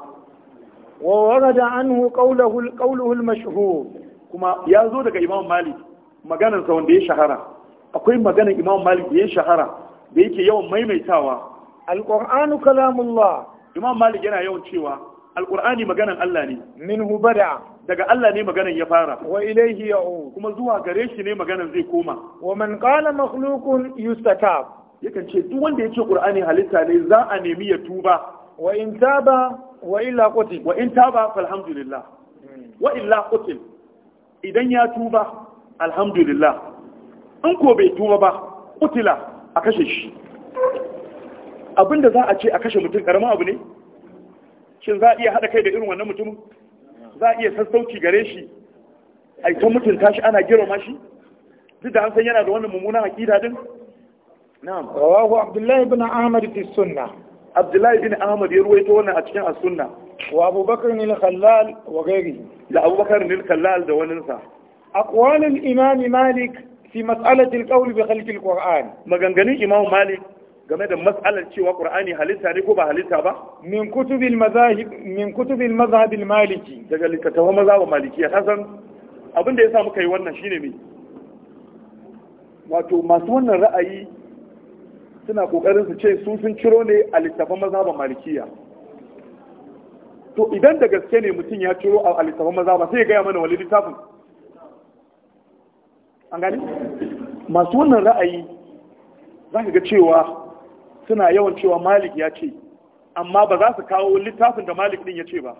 wa warada anhu qawluhu qawluhu kuma ya zo daga Imam Malik maganansa wanda ya shahara akwai magana imam malik da ya shahara da yake yawan maimaitawa alqur'anu kalamullah imam malik yana yawan cewa alqur'ani maganan Allah ne Min bada daga Allah ne maganan ya fara wa ilayhi ya'ud kuma zuwa gare shi ne maganan zai koma wa man qala makhluqun yustatab yakan ce duk wanda ce ƙur'ani halitta ne za a nemi ya tuba wa in taba wa illa qutil wa in taba falhamdulillah hmm. wa illa qutil idan ya tuba alhamdulillah An ko bai tuba ba utila a kashe shi abinda za a ce a kashe mutum karama abu ne shin za a iya haɗa kai da irin wannan mutumin za a iya sassauci gare shi a ta mutum tashi ana girma shi duk da san yana da wannan mummunan aƙida din na'am rawahu abdullahi bin ahmad fi sunna abdullahi bin ahmad ya ruwaito wannan a cikin as-sunna wa abubakar ne khallal wa ghairihi da abubakar ibn khallal da waninsa A al-imam malik fi mas'alatil qawli bi khalqil qur'an maganganun imam malik game da mas'alar cewa qur'ani halitta ne ko ba halitta ba min kutubil mazahib min kutubil mazhab al maliki daga littattafan mazhab malikiya hasan abin da yasa muka yi wannan shine me wato masu wannan ra'ayi suna kokarin su ce su sun ciro ne a littattafan mazhab malikiya to idan da gaske ne mutum ya ciro a littattafan mazhab sai ya gaya mana wani littafin an gani masu wannan ra'ayi za ka ga cewa suna yawan cewa malik ya ce amma ba za su kawo littafin da malik din ya ce ba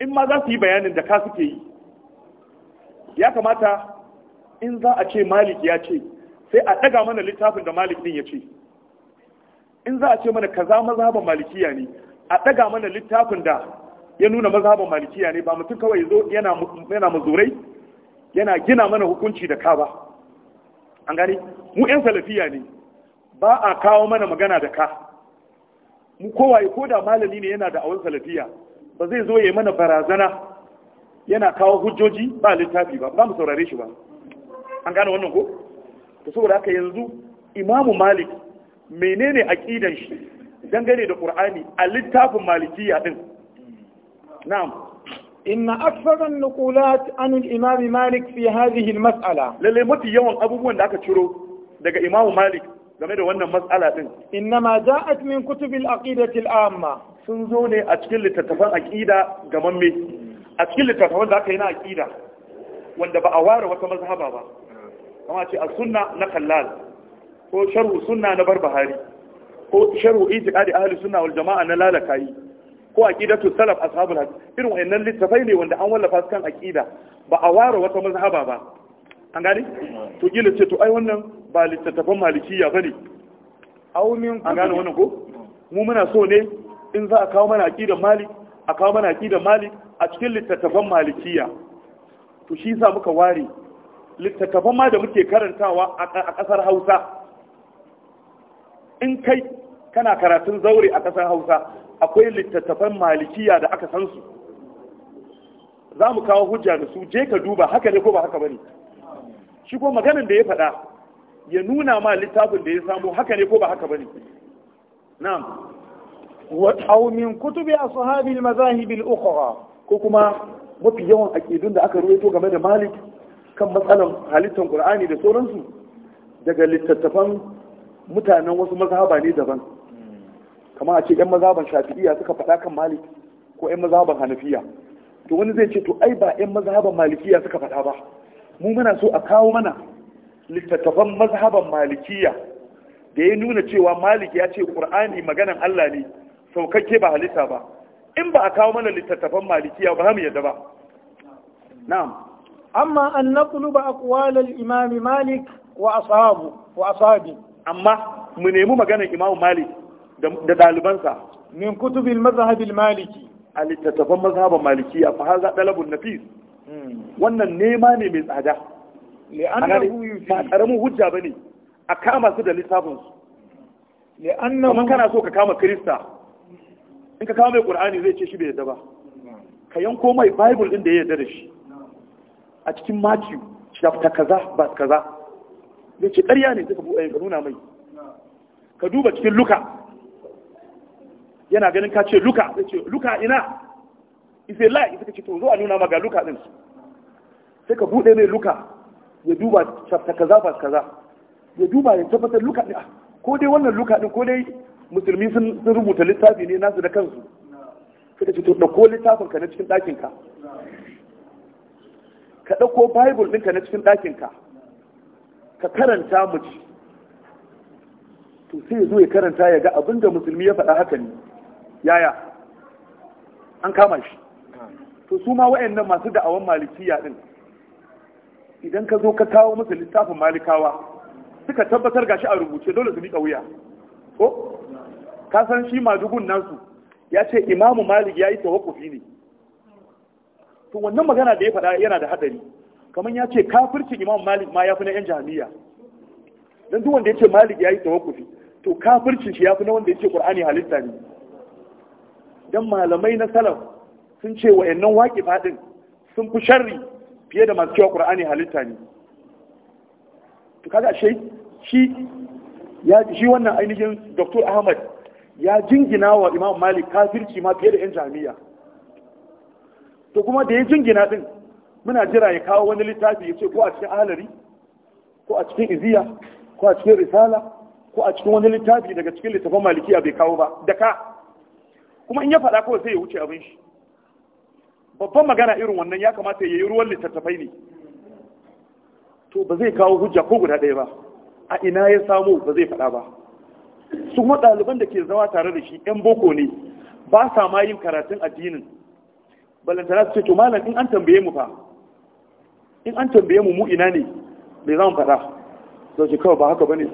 in ma za su yi bayanin da ka suke yi ya kamata in za a ce malik ya ce sai a ɗaga mana littafin da malik din ya ce in za a ce mana kaza mazhaban malikiya ne a ɗaga mana littafin da ya nuna mazhaban malikiya ne ba mutum kawai yana mazurai yana gina mana hukunci da ka ba an gani mu 'yan salafiya ne ba a kawo mana magana da ka mu kowaye ko da malami ne yana da awon salafiya ba zai zo ya mana barazana yana kawo hujjoji ba littafi ba ba mu saurare shi ba an gane wannan ko Ta saboda haka yanzu imamu malik menene a shi dangane da ƙur'ani, a littafin malikiya ɗin? na'am إن أكثر النقولات عن الإمام مالك في هذه المسألة للي متي يوم أبو من ذاك تشرو دقى إمام مالك game da wannan matsala din Inna ma ja'at min kutubil aqidati al-amma sun zo ne a cikin littattafan aqida gamamme a cikin littattafan da aka yi na aqida wanda ba a ware wata mazhaba ba kama ce as-sunna na kallal ko sharhu sunna na barbahari ko sharhu itiqadi ahli sunna wal jama'a na lalakayi ko aqidatu salaf ashabul hadith irin wayannan littafai ne wanda an wallafa su kan aqida ba a ware wata mazhaba ba an gane to gile ce to ai wannan ba littattafan malikiya bane aw min an gane wannan ko mu muna so ne in za a kawo mana aqida malik a kawo mana aqida malik a cikin littattafan malikiya to shi yasa muka ware littattafan ma da muke karantawa a kasar Hausa in kai kana karatun zaure a kasar Hausa akwai littattafan malikiya da aka san su za mu kawo hujja da su je ka duba haka ne ko ba haka bane shi ko maganin da ya faɗa ya nuna ma littafin da ya samu haka ne ko ba haka bane na'am wa aw min kutubi ashabi al-mazahib al-ukhra ko kuma mafi yawan aqidun da aka ruwaito game da malik kan matsalan halittar qur'ani da sauransu daga littattafan mutanen wasu mazhaba ne daban kamar a ce yan mazaban shafi'iyya suka faɗa kan malik ko yan mazaban hanafiya to wani zai ce to ai ba yan mazaban malikiya suka faɗa ba mu muna so a kawo mana littattafan mazhaban malikiya da ya nuna cewa malik ya ce qur'ani maganan Allah ne saukakke ba halitta ba in ba a kawo mana littattafan malikiya ba mu yadda ba na'am amma an naqluba aqwal imam malik wa ashabu wa ashabi amma mu nemi maganar imam malik da ɗalibansa min kutubil mazhabil maliki a littattafan mazhabin maliki a fahaza ɗalabun nafis hmm. wannan nema ne mai tsada ba ƙaramin hujja ba ne a kama su da littafinsu. kamar kana so ka kama kirista in ka kama mai ƙur'ani zai ce shi bai yadda ba ka yanko mai bible ɗin da ya yadda da shi a cikin matthew shafta kaza ba kaza zai ce ƙarya ne sai ka eh, nuna mai ka duba cikin luka yana ganin ka ce luka sai ce luka ina isai la isa ce to zo a nuna maka luka din sai ka bude mai luka ya duba chapter kaza fas kaza ya duba ya tabbatar luka din ko dai wannan luka din ko dai musulmi sun rubuta littafi ne nasu da kansu sai ka ce to dauko littafin ka na cikin ɗakin ka ka dauko bible ɗinka na cikin ɗakin ka ka karanta mu ci to sai ya zo ya karanta ya ga abinda musulmi ya faɗa haka ne yaya an kama shi to su ma wa'annan masu da'awan malikiya din idan ka zo ka kawo musu littafin malikawa suka tabbatar gashi a rubuce dole su miƙa wuya ko ka san shi madugun nasu ya ce imamu malik ya yi tawakkufi ne to wannan magana da ya faɗa yana da hadari kamar ya ce kafirci imamu malik ma ya fi na yan jami'a dan duk wanda ya ce malik ya yi tawakkufi to kafircin shi ya fi na wanda ya ce qur'ani halitta ne dan malamai na salaf sun ce wa 'yannan waki faɗin, sun fi sharri fiye da masu cewa qur'ani halitta ne to kaga shi shi ya shi wannan ainihin Dr. Ahmad ya jingina wa Imam Malik kafirci ma fiye da yan jami'a to kuma da ya jingina din muna jira ya kawo wani littafi ya ce ko a cikin alari ko a cikin iziya ko a cikin risala ko a cikin wani littafi daga cikin littafin maliki a bai kawo ba da ka kuma in ya faɗa kawai sai ya wuce abin shi babban magana irin wannan ya kamata ya yi ruwan littattafai ne to ba zai kawo hujja ko guda ɗaya ba a ina ya samu ba zai faɗa ba su kuma ɗaliban da ke zama tare da shi 'yan boko ne ba sa ma yin karatun addinin balantana su ce to malam in an tambaye mu fa in an tambaye mu mu ina ne bai mu faɗa zai ce kawai ba haka bane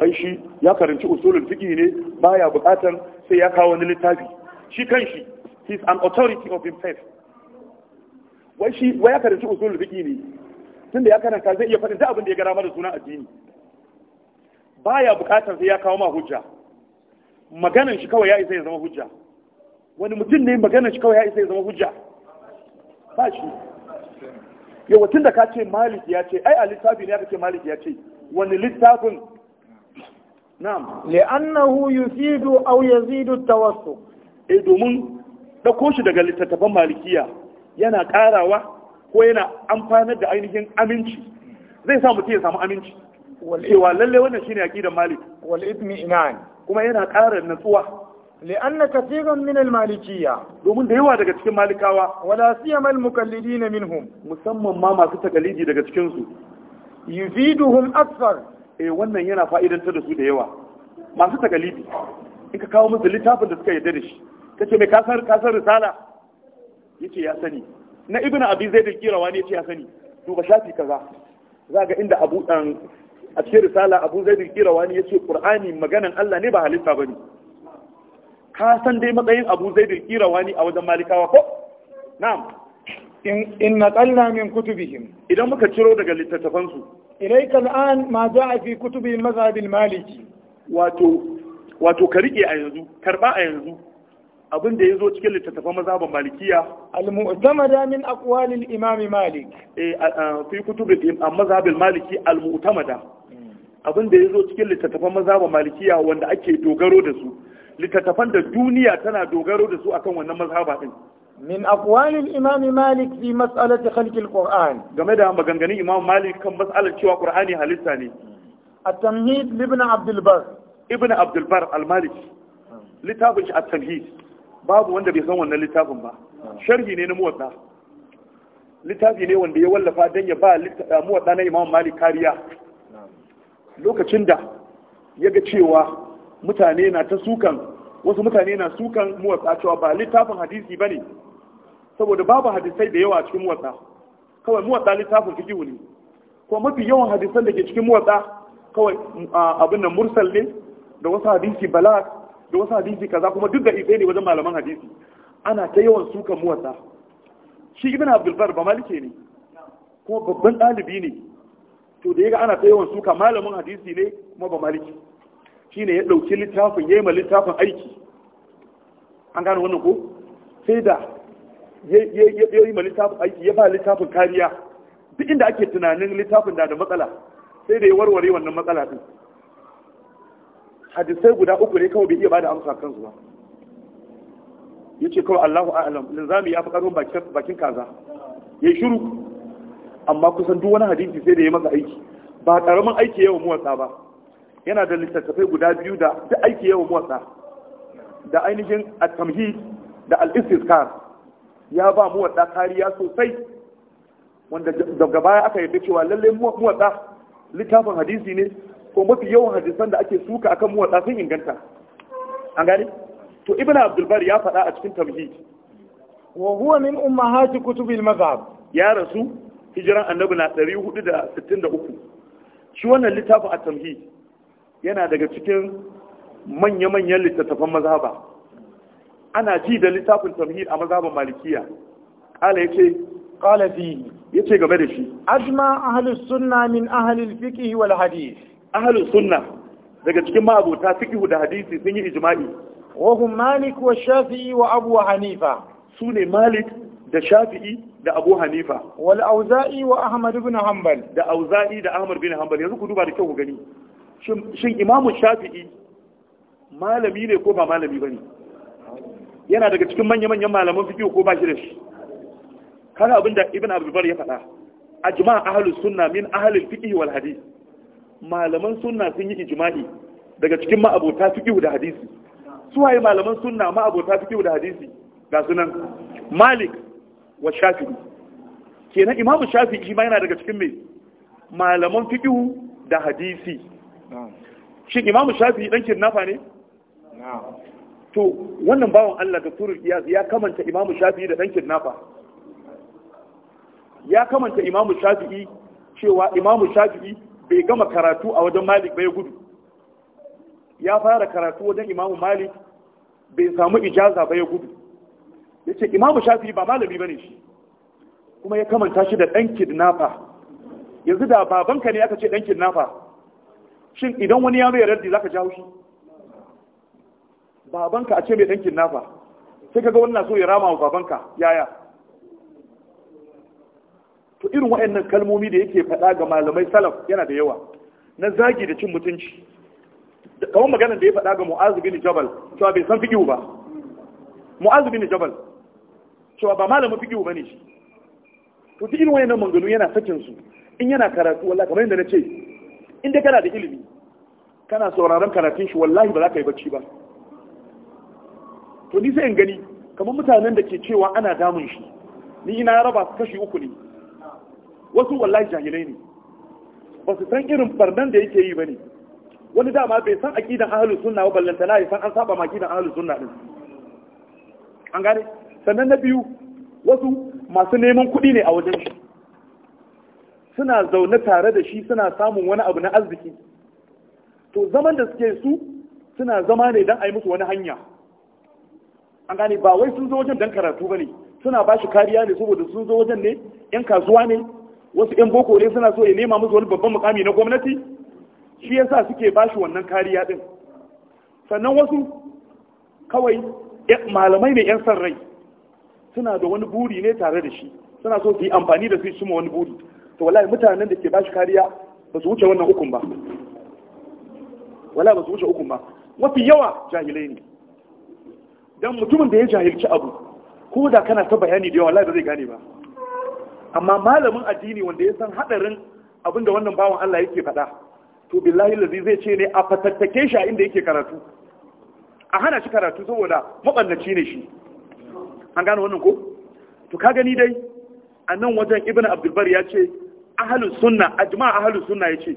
ai shi ya karanci usulul fiqh ne baya buƙatar sai ya kawo wani littafi shi shi. he is an authority of himself wai shi wai ya karanci usul rubiki ne Tun da ya karanta zai iya faɗin duk abin da ya gara mara sunan addini baya bukatar sai ya kawo ma hujja maganar shi kawai ya isa ya zama hujja wani mutum ne maganar shi kawai ya isa ya zama hujja ba shi yawa tun da ka ce malik ya ce ai a littafi ne aka ce malik ya ce wani littafin na'am li'annahu Yusidu aw yazidu tawassu eh domin ɗauko shi daga littattafan malikiya yana ƙarawa ko yana amfanar da ainihin aminci zai sa mutum ya samu aminci cewa lalle wannan shine aqidar malik wal ibni iman kuma yana karar natsuwa لأن كثيرا من المالكية دومن ديوا daga cikin malikawa wala siyama al-mukallidin minhum musamman ma masu takalidi daga cikin su yuziduhum akthar eh wannan yana fa'idantar da su da yawa masu takalidi in ka kawo musu littafin da suka yarda da shi Ka ce mai kasar kasar risala Ya ce ya sani na ibnu abi zaid al-qirawa ya ce ya sani duba shafi kaza za ga inda abu dan um, a cikin risala abu zaid al-qirawa ya ce qur'ani maganan Allah ne ba halitta bane ka san dai matsayin abu zai al-qirawa ne a wajen malikawa ko na'am in in naqalna min kutubihim idan muka ciro daga littattafansu ilaika al'an ma ja'a fi kutubi mazhab al-maliki wato wato ka rike a yanzu karba a yanzu abin da ya zo cikin littattafan mazhaban malikiya al-mu'tamada min aqwali al-imam malik eh fi kutub al-mazhab al-maliki al-mu'tamada abin da ya zo cikin littattafan mazhaban malikiya wanda ake dogaro da su littattafan da duniya tana dogaro da su akan wannan mazhaba din min aqwali al-imam malik fi mas'alati khalq al-qur'an game da maganganun imam malik kan mas'alar cewa qur'ani halitta ne at-tamhid li ibn abd al-bar ibn abd al-bar al-maliki littafin shi at-tamhid babu wanda bai san wannan littafin ba sharhi ne na muwatta littafi ne wanda ya wallafa don ya ba eh, muwatta na imam malik kariya lokacin da ya ga cewa mutane na ta sukan wasu mutane na sukan muwatta cewa ba littafin hadisi ba ne saboda babu hadisai da yawa cikin muwatta kawai muwatta littafin fi ne ko mafi yawan hadisan da ke cikin muwatta kawai ah, abin da mursal ne da wasu hadisi balak da wasu hadisi kaza kuma duk da ife ne wajen malaman hadisi ana ta yawan suka muwasa shi ibn abdul bar ba malike ne kuma babban ɗalibi ne to da yaga ana ta yawan suka malamin hadisi ne kuma ba maliki shine ya dauki littafin yayi ma littafin aiki an gane wannan ko sai da yayi ma littafin aiki ya ba littafin kariya duk inda ake tunanin littafin da da matsala sai da ya warware wannan matsala din hadisai guda uku ne kawai bai iya bada amsa kan kansu ba yace kawai Allahu a'lam linzami ya fi karfin bakin kaza Ya shiru amma kusan duk wani hadisi sai da ya maka aiki ba karamin aiki yawan muwatsa ba yana da littattafai guda biyu da duk aiki yawan muwatsa da ainihin at-tamhid da al ya ba muwatsa kariya sosai wanda daga baya aka yi cewa lalle muwatsa littafin hadisi ne ko mafi yawan hadisan da ake suka akan muwatta sun inganta an gane to ibn abdulbar ya faɗa a cikin tamhid wa huwa min ummahati kutubil ya rasu hijiran annabi na 463 shi wannan littafin a tamhid yana daga cikin manya-manyan littattafan mazhaba ana ji da littafin tamhid a mazhaban malikiya kala yace kala yace game da shi ajma ahlus sunna min ahli al-fiqh wal hadith Ahalin sunna daga cikin ma'abota fiqh da hadisi sun yi ijima'i wa hum malik wa shafi'i wa abu hanifa sune malik da shafi'i da abu hanifa wal auza'i wa ahmad ibn hanbal da auza'i da ahmad ibn hanbal yanzu ku duba da kyau ku gani shin imamu shafi'i malami ne ko ba malami bane yana daga cikin manya-manyan malaman fiqh ko ba shi da shi kana abinda ibn abdul ya faɗa ajma'a ahlus sunna min ahlil fiqh wal hadith malaman sunna sun yi ijma'i daga cikin ma'abota fiqh da hadisi su waye malaman sunna ma'abota fiqh da hadisi ga sunan malik wa shafi'i kenan imamu shafi'i ma yana daga cikin mai. malaman fiqh da hadisi shin imamu shafi'i dan nafa ne to wannan bawan Allah da turul iyaz ya kamanta imamu shafi'i da dan nafa. ya kamanta imamu shafi'i cewa imamu shafi'i bai gama karatu a wajen malik bai gudu ya fara karatu wajen imamu malik bai samu ijaza bai gudu ya ce imamu shafi ba malami ba ne shi kuma ya kamanta shi da ɗan kidnafa yanzu da babanka ne aka ce ɗan kidnafa shin idan wani ya ya raddi za ka jawo shi babanka a ce mai ɗan kidnafa sai ka ga wannan so ya rama wa babanka yaya to irin waɗannan kalmomi da yake faɗa ga malamai salaf yana da yawa na zagi da cin mutunci kamar maganar da ya faɗa ga mu'az bin jabal cewa bai san fikihu ba mu'az bin jabal cewa ba malamin fikihu bane shi to duk irin wayannan manganu yana sakin su in yana karatu wallahi kamar yadda na ce in dai kana da ilimi kana sauraron karatun shi wallahi ba za ka yi bacci ba to ni sai in gani kamar mutanen da ke cewa ana damun shi ni ina raba su kashi uku ne wasu wallahi jahilai ne ba su san irin barnan da yake yi ba ne wani dama bai san aƙidan ahalu sunna ba ballantana yi san an saba ma aƙidan ahalu sunna ɗin an gane sannan na biyu wasu masu neman kuɗi ne a wajen shi suna zaune tare da shi suna samun wani abu na arziki to zaman da suke su suna zama ne don a yi musu wani hanya an gane ba wai sun zo wajen don karatu ba ne suna ba shi kariya ne saboda sun zo wajen ne 'yan kasuwa ne wasu ƴan boko ne suna so ya nema musu wani babban mukami na gwamnati shi yasa suke bashi wannan kariya din sannan wasu kawai malamai ne ƴan san rai suna da wani buri ne tare da shi suna so su yi amfani da su cimma wani buri to wallahi mutanen da ke bashi kariya ba su wuce wannan hukun ba wallahi ba su wuce hukun ba mafi yawa jahilai ne dan mutumin da ya jahilci abu ko da kana ta bayani da yawa wallahi ba zai gane ba amma malamin addini wanda ya san hadarin abin da wannan bawan Allah yake faɗa to billahi lazi zai ce ne a fatattake shi a inda yake karatu a hana shi karatu saboda mabannaci ne shi an gane wannan ko to ka gani dai a nan wajen ibn abdulbar ya ce ahalus sunna ajma ahalus sunna ya ce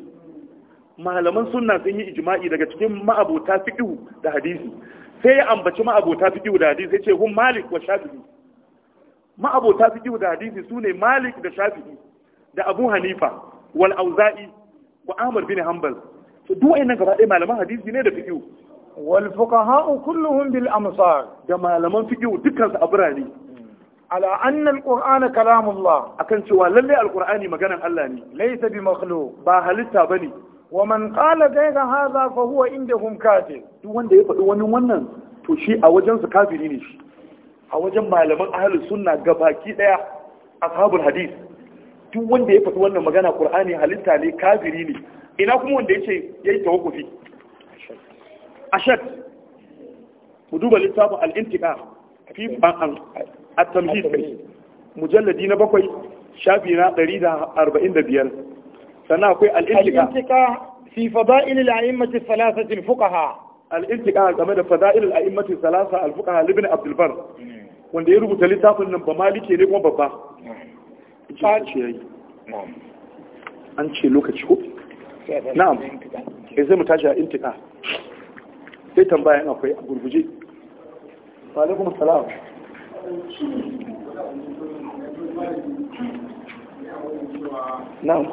malaman sunna sun yi ijma'i daga cikin ma'abota fiqhu da hadisi sai ya ambaci ma'abota fiqhu da hadisi sai ce hum malik wa shafi'i ma'abota su da hadisi su ne malik da shafi'i da abu hanifa wal auza'i wa amur bin hanbal su duwa yin nan gaba ɗaya malaman hadisi ne da fi'u wal fuqaha kulluhum bil amsa da malaman fi'u dukkan a birane. ne ala anna al qur'ana akan cewa lallai al qur'ani maganan Allah ne laysa bi makhluq ba halitta bane wa man qala ghayra hadha fa huwa indahum kafir duk wanda ya faɗi wani wannan to shi a wajen su kafiri ne a wajen malaman ahalin suna gabaki daya ashabul hadis duk wanda ya faɗi wannan magana qur'ani halitta ne kafiri ne ina kuma wanda ya ya ce yi yayi tawakkufi ashad mu duba littafin al a fifan at-tamhid kai mujalladi na bakwai shafi na 145 sannan akwai al-intiqa fi fada'il al-a'immati thalathati al-fuqaha al-intiqa game da fada'il al-a'immati thalatha al-fuqaha ibn abd al-bar wanda ya rubuta littafin nan ba malike ne kuma babba an ce lokaci ko na'am sai eh, zai mu a intika sai tambayan akwai a gurguje wa alaikum salam na'am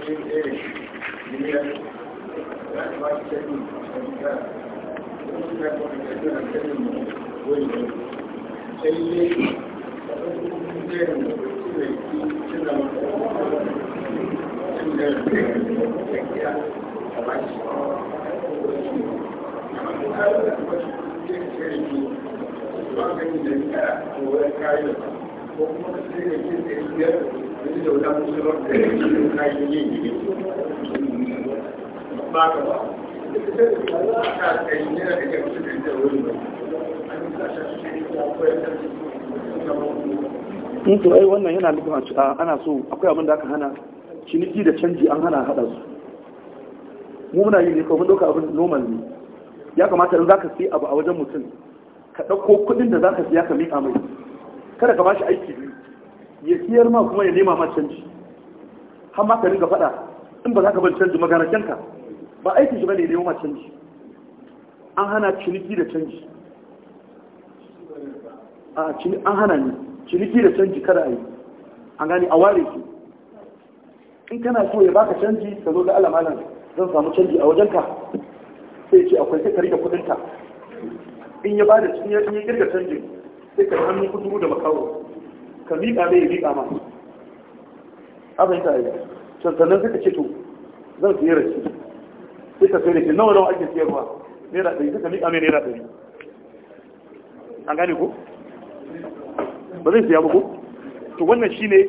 Thank you. 今天，来花千骨，你看，我们开播的时间还是那么久，为什么？因为，我们今天不是已经知道吗？就是这个天气啊，好冷啊，我们开播了，我们今天主要跟你们讲，我来开播，我们今天几点开？da ne. ba ka ba ka kai yana da kyau su da wuri ba an yi sa shi ko In to ai wannan yana nufin ana so akwai abin da aka hana ciniki da canji an hana haɗa su mu muna yi ne kawai ɗauka abin normal ne ya kamata in za ka sai abu a wajen mutum ka ɗauko kuɗin da za ka siya ka miƙa mai kada ka ba shi aiki biyu ya siyar ma kuma ya nema ma canji har ma ka ringa faɗa in ba za ka bar canji magarakenka ba aikin shi bane nema ma canji an hana ciniki da canji a cini an hana ni ciniki da canji kada a yi an gani a ware shi in kana so ya baka canji ka zo ga Allah malam zan samu canji a wajenka sai ce akwai sai ka rike kudinka in ya bada cin ya kirga canjin sai ka hannu kuturu da makawo ka miƙa mai miƙa ma abin ta yi sannan suka ce to zan siya rashi sai ka sai rashi nawa nawa ake siyarwa naira ɗari suka miƙa mai naira ɗari an gane ko ba zai siya ba ko to wannan shine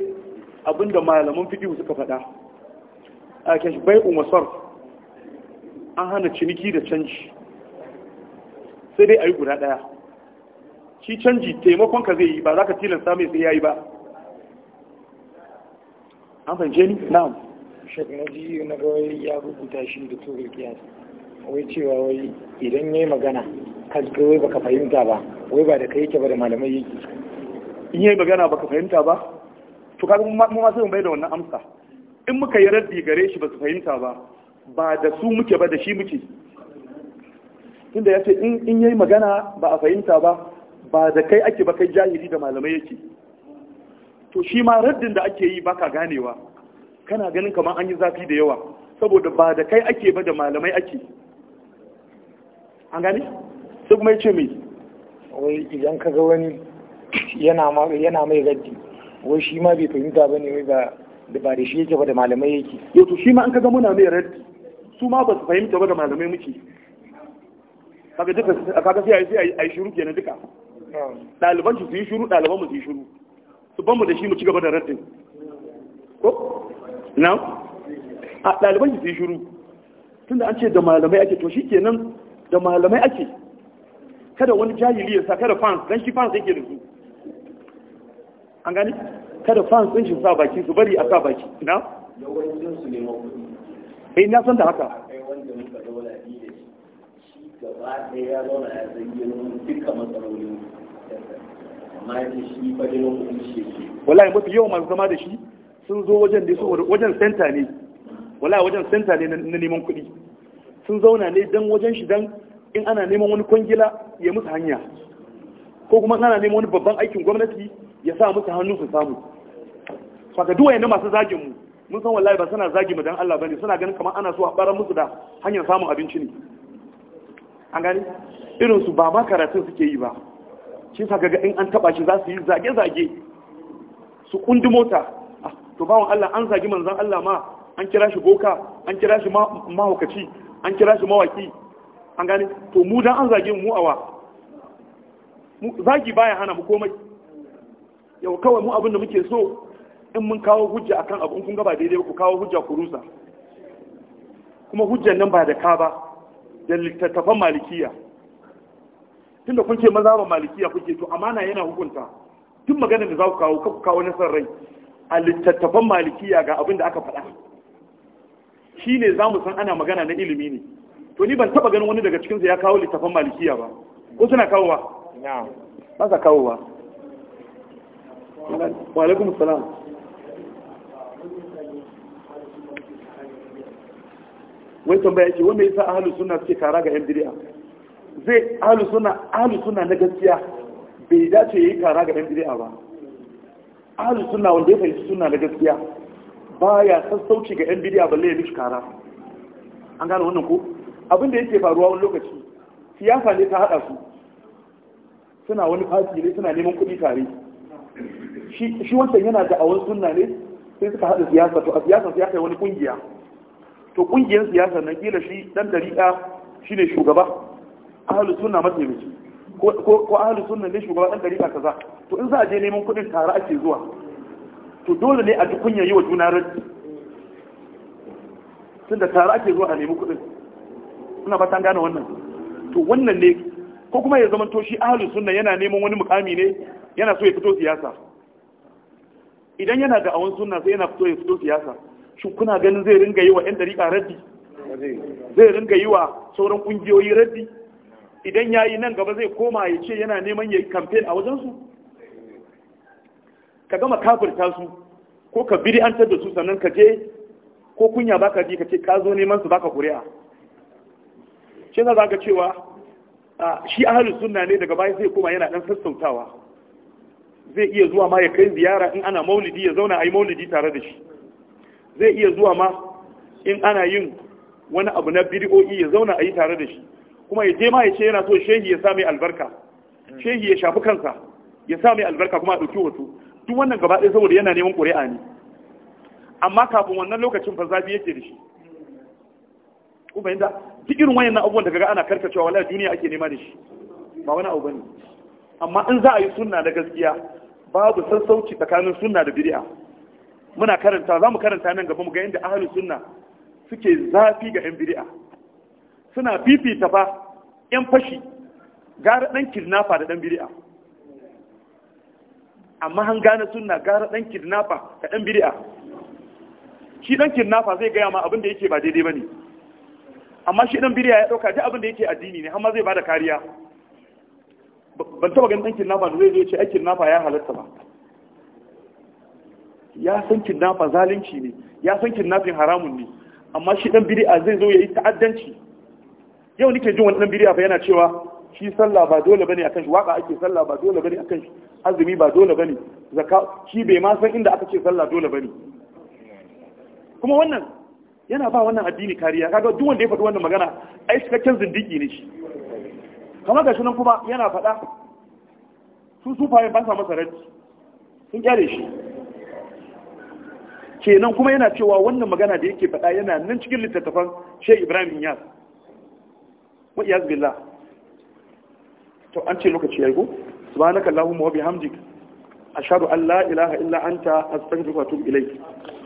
abin da malaman fiƙihu suka faɗa a kashi bai umasar an hana ciniki da canji sai dai a yi guda ɗaya shi canji taimakon ka zai yi ba za ka tilasta samun sai ya yi ba an fahimce ni Na. amu shek na ji na gawai ya rubuta shi da turin kiyas wai cewa wai idan ya yi magana kaga wai baka fahimta ba wai ba da kai yake ba da malamai yake in yi magana baka fahimta ba to kaga mu ma sai mu bai da wannan amsa in muka yi raddi gare shi ba su fahimta ba ba da su muke ba da shi muke tunda ya ce in yi magana ba a fahimta ba ba da kai ake ba kai jahili da malamai yake to shi ma raddin da ake yi baka ganewa kana ganin kamar an yi zafi da yawa saboda ba da kai ake ba da malamai ake an gani Su kuma yace mai wai idan ka ga wani yana mai raddi wai shi ma bai fahimta ba ne wai ba da ba da shi yake ba da malamai yake yau to shi ma an kaga muna mai raddi su ma ba su fahimta ba da malamai muke kaga duka kaga sai a yi shiru kenan duka ɗaliban su yi shuru ɗaliban mu su yi shuru su ban mu da shi mu ci gaba da raddin ko na a ɗaliban su yi shuru tunda an ce da malamai ake to shi kenan da malamai ake kada wani jahili ya sa kada fans dan shi fans yake da su an gani kada fans din shi sa baki su bari a sa baki na yawancin su ne ma eh na san da haka gaba ɗaya ya zauna ya san girman duka matsalolin amma ya shi fa girman kuɗin shi yake wallahi mafi yawan masu zama da shi sun zo wajen da saboda wajen senta ne wallahi wajen senta ne na neman kuɗi sun zauna ne dan wajen shi dan in ana neman wani kwangila ya musu hanya ko kuma ana neman wani babban aikin gwamnati ya sa musu hannu su samu saka duwaye na masu zagin mu mun san wallahi ba suna zagi mu dan Allah bane suna ganin kamar ana so a bara musu da hanyar samun abinci ne an gani Irinsu ba ba ma karatun suke yi ba shi sa gaga in an taba shi za su yi zage-zage su kundi mota ah, to bawon Allah an zagi manzan Allah ma an kira shi boka an kira shi mahaukaci an kira shi mawaki an gani to mu dan an zage mu awa zagi baya hana mu komai yau kawai mu abin da muke so in mun kawo hujja akan abu in kun gaba ba daidai ku kawo hujja ku rusa kuma hujjan nan ba da ka ba da littattafan malikiya tunda kun ce ba malikiya kuke to amana yana hukunta tun magana da za ku kawo ku kawo na rai a littattafan malikiya ga abin da aka faɗa shi ne za mu san ana magana na ilimi ne to ni ban taɓa ganin wani daga cikinsa ya kawo littattafan malikiya ba ko suna kawo ba ba sa kawo ba wa alaikum salam wai tambaya yake wanda yasa ahlus sunna suke kara ga yan bid'a zai ahlus sunna ahlus sunna na gaskiya bai dace yayi kara ga yan bid'a ba ahlus sunna wanda ya fahimci sunna na gaskiya baya sassauci ga yan bid'a balle ya mishi kara an gane wannan ko abin da yake faruwa wani lokaci siyasa ne ta hada su suna wani fasi ne suna neman kuɗi tare shi wancan yana da awon sunna ne sai suka hada siyasa to a siyasa ya kai wani kungiya to kungiyar siyasa na kila shi dan dariƙa shine shugaba ahlus sunna mataimaki ko ko ahlus sunna ne shugaba dan dariƙa kaza to in za a je neman kuɗin tare ake zuwa to dole ne a ji kunya yi wa juna raddi tunda tare ake zuwa a neman kuɗin ina fatan gane wannan to wannan ne ko kuma ya zama toshi ahalin sunna yana neman wani mukami ne yana so ya fito siyasa idan yana da awon sunna sai yana fito ya fito siyasa kuna ganin zai ringa yi wa 'yan dariƙa raddi zai ringa yi wa sauran ƙungiyoyi raddi idan ya yi nan gaba zai koma ya ce yana neman ya yi kamfen a wajensu ka gama kafirta su ko ka biri an da su sannan ka je ko kunya ba ka ji ka ce ka zo neman su ka kuri'a ce za ka cewa shi ahalus sunna ne daga baya zai koma yana ɗan sassautawa zai iya zuwa ma ya kai ziyara in ana maulidi ya zauna a yi maulidi tare da shi zai iya zuwa ma in ana yin wani abu na biri'o'i ya zauna a yi tare da shi kuma ya je ma ya ce yana so shehi ya sami albarka shehi ya shafi kansa ya sami albarka kuma a ɗauki hoto duk wannan gaba ɗaya saboda yana neman ƙuri'a ne amma kafin wannan lokacin fa zafi yake da shi kuma yanda duk irin wayannan abubuwan da kaga ana karkacewa wallahi duniya ake nema da shi ba wani abu bane amma in za a yi sunna da gaskiya babu sassauci tsakanin sunna da bid'a muna karanta za mu karanta nan gaba mu ga inda ahalus sunna suke zafi ga yan bid'a suna fifita fa yan fashi gara dan kidnapper da dan bid'a amma han gane sunna gara dan kidnapper da dan bid'a shi dan kidnapper zai gaya ma abin da yake ba daidai bane amma shi dan bid'a ya dauka duk abin da yake addini ne ma zai bada kariya ban taba ganin dan kidnapper da zai zo ya ce ai kidnapper ya halatta ba ya san kidnafa zalunci ne ya san kidnafin haramun ne amma shi dan bid'a zai zo yayi ta'addanci yau nake jin wani dan bid'a fa yana cewa shi sallah ba dole bane akan shi waka ake sallah ba dole bane akan shi azumi ba dole bane zakka shi bai ma san inda aka ce sallah dole bane kuma wannan yana ba wannan addini kariya kaga duk wanda ya faɗi wannan magana ai cikakken zindiki ne shi kamar ga nan kuma yana faɗa su fa ba sa masa raji sun kyale shi kenan kuma yana cewa wannan magana da yake faɗa yana nan cikin littattafan shai Ibrahim Yas wa iyaz billah to an ce lokaci yayi go subhanakallahumma wa bihamdika ashhadu an la ilaha illa anta astaghfiruka wa atubu ilayk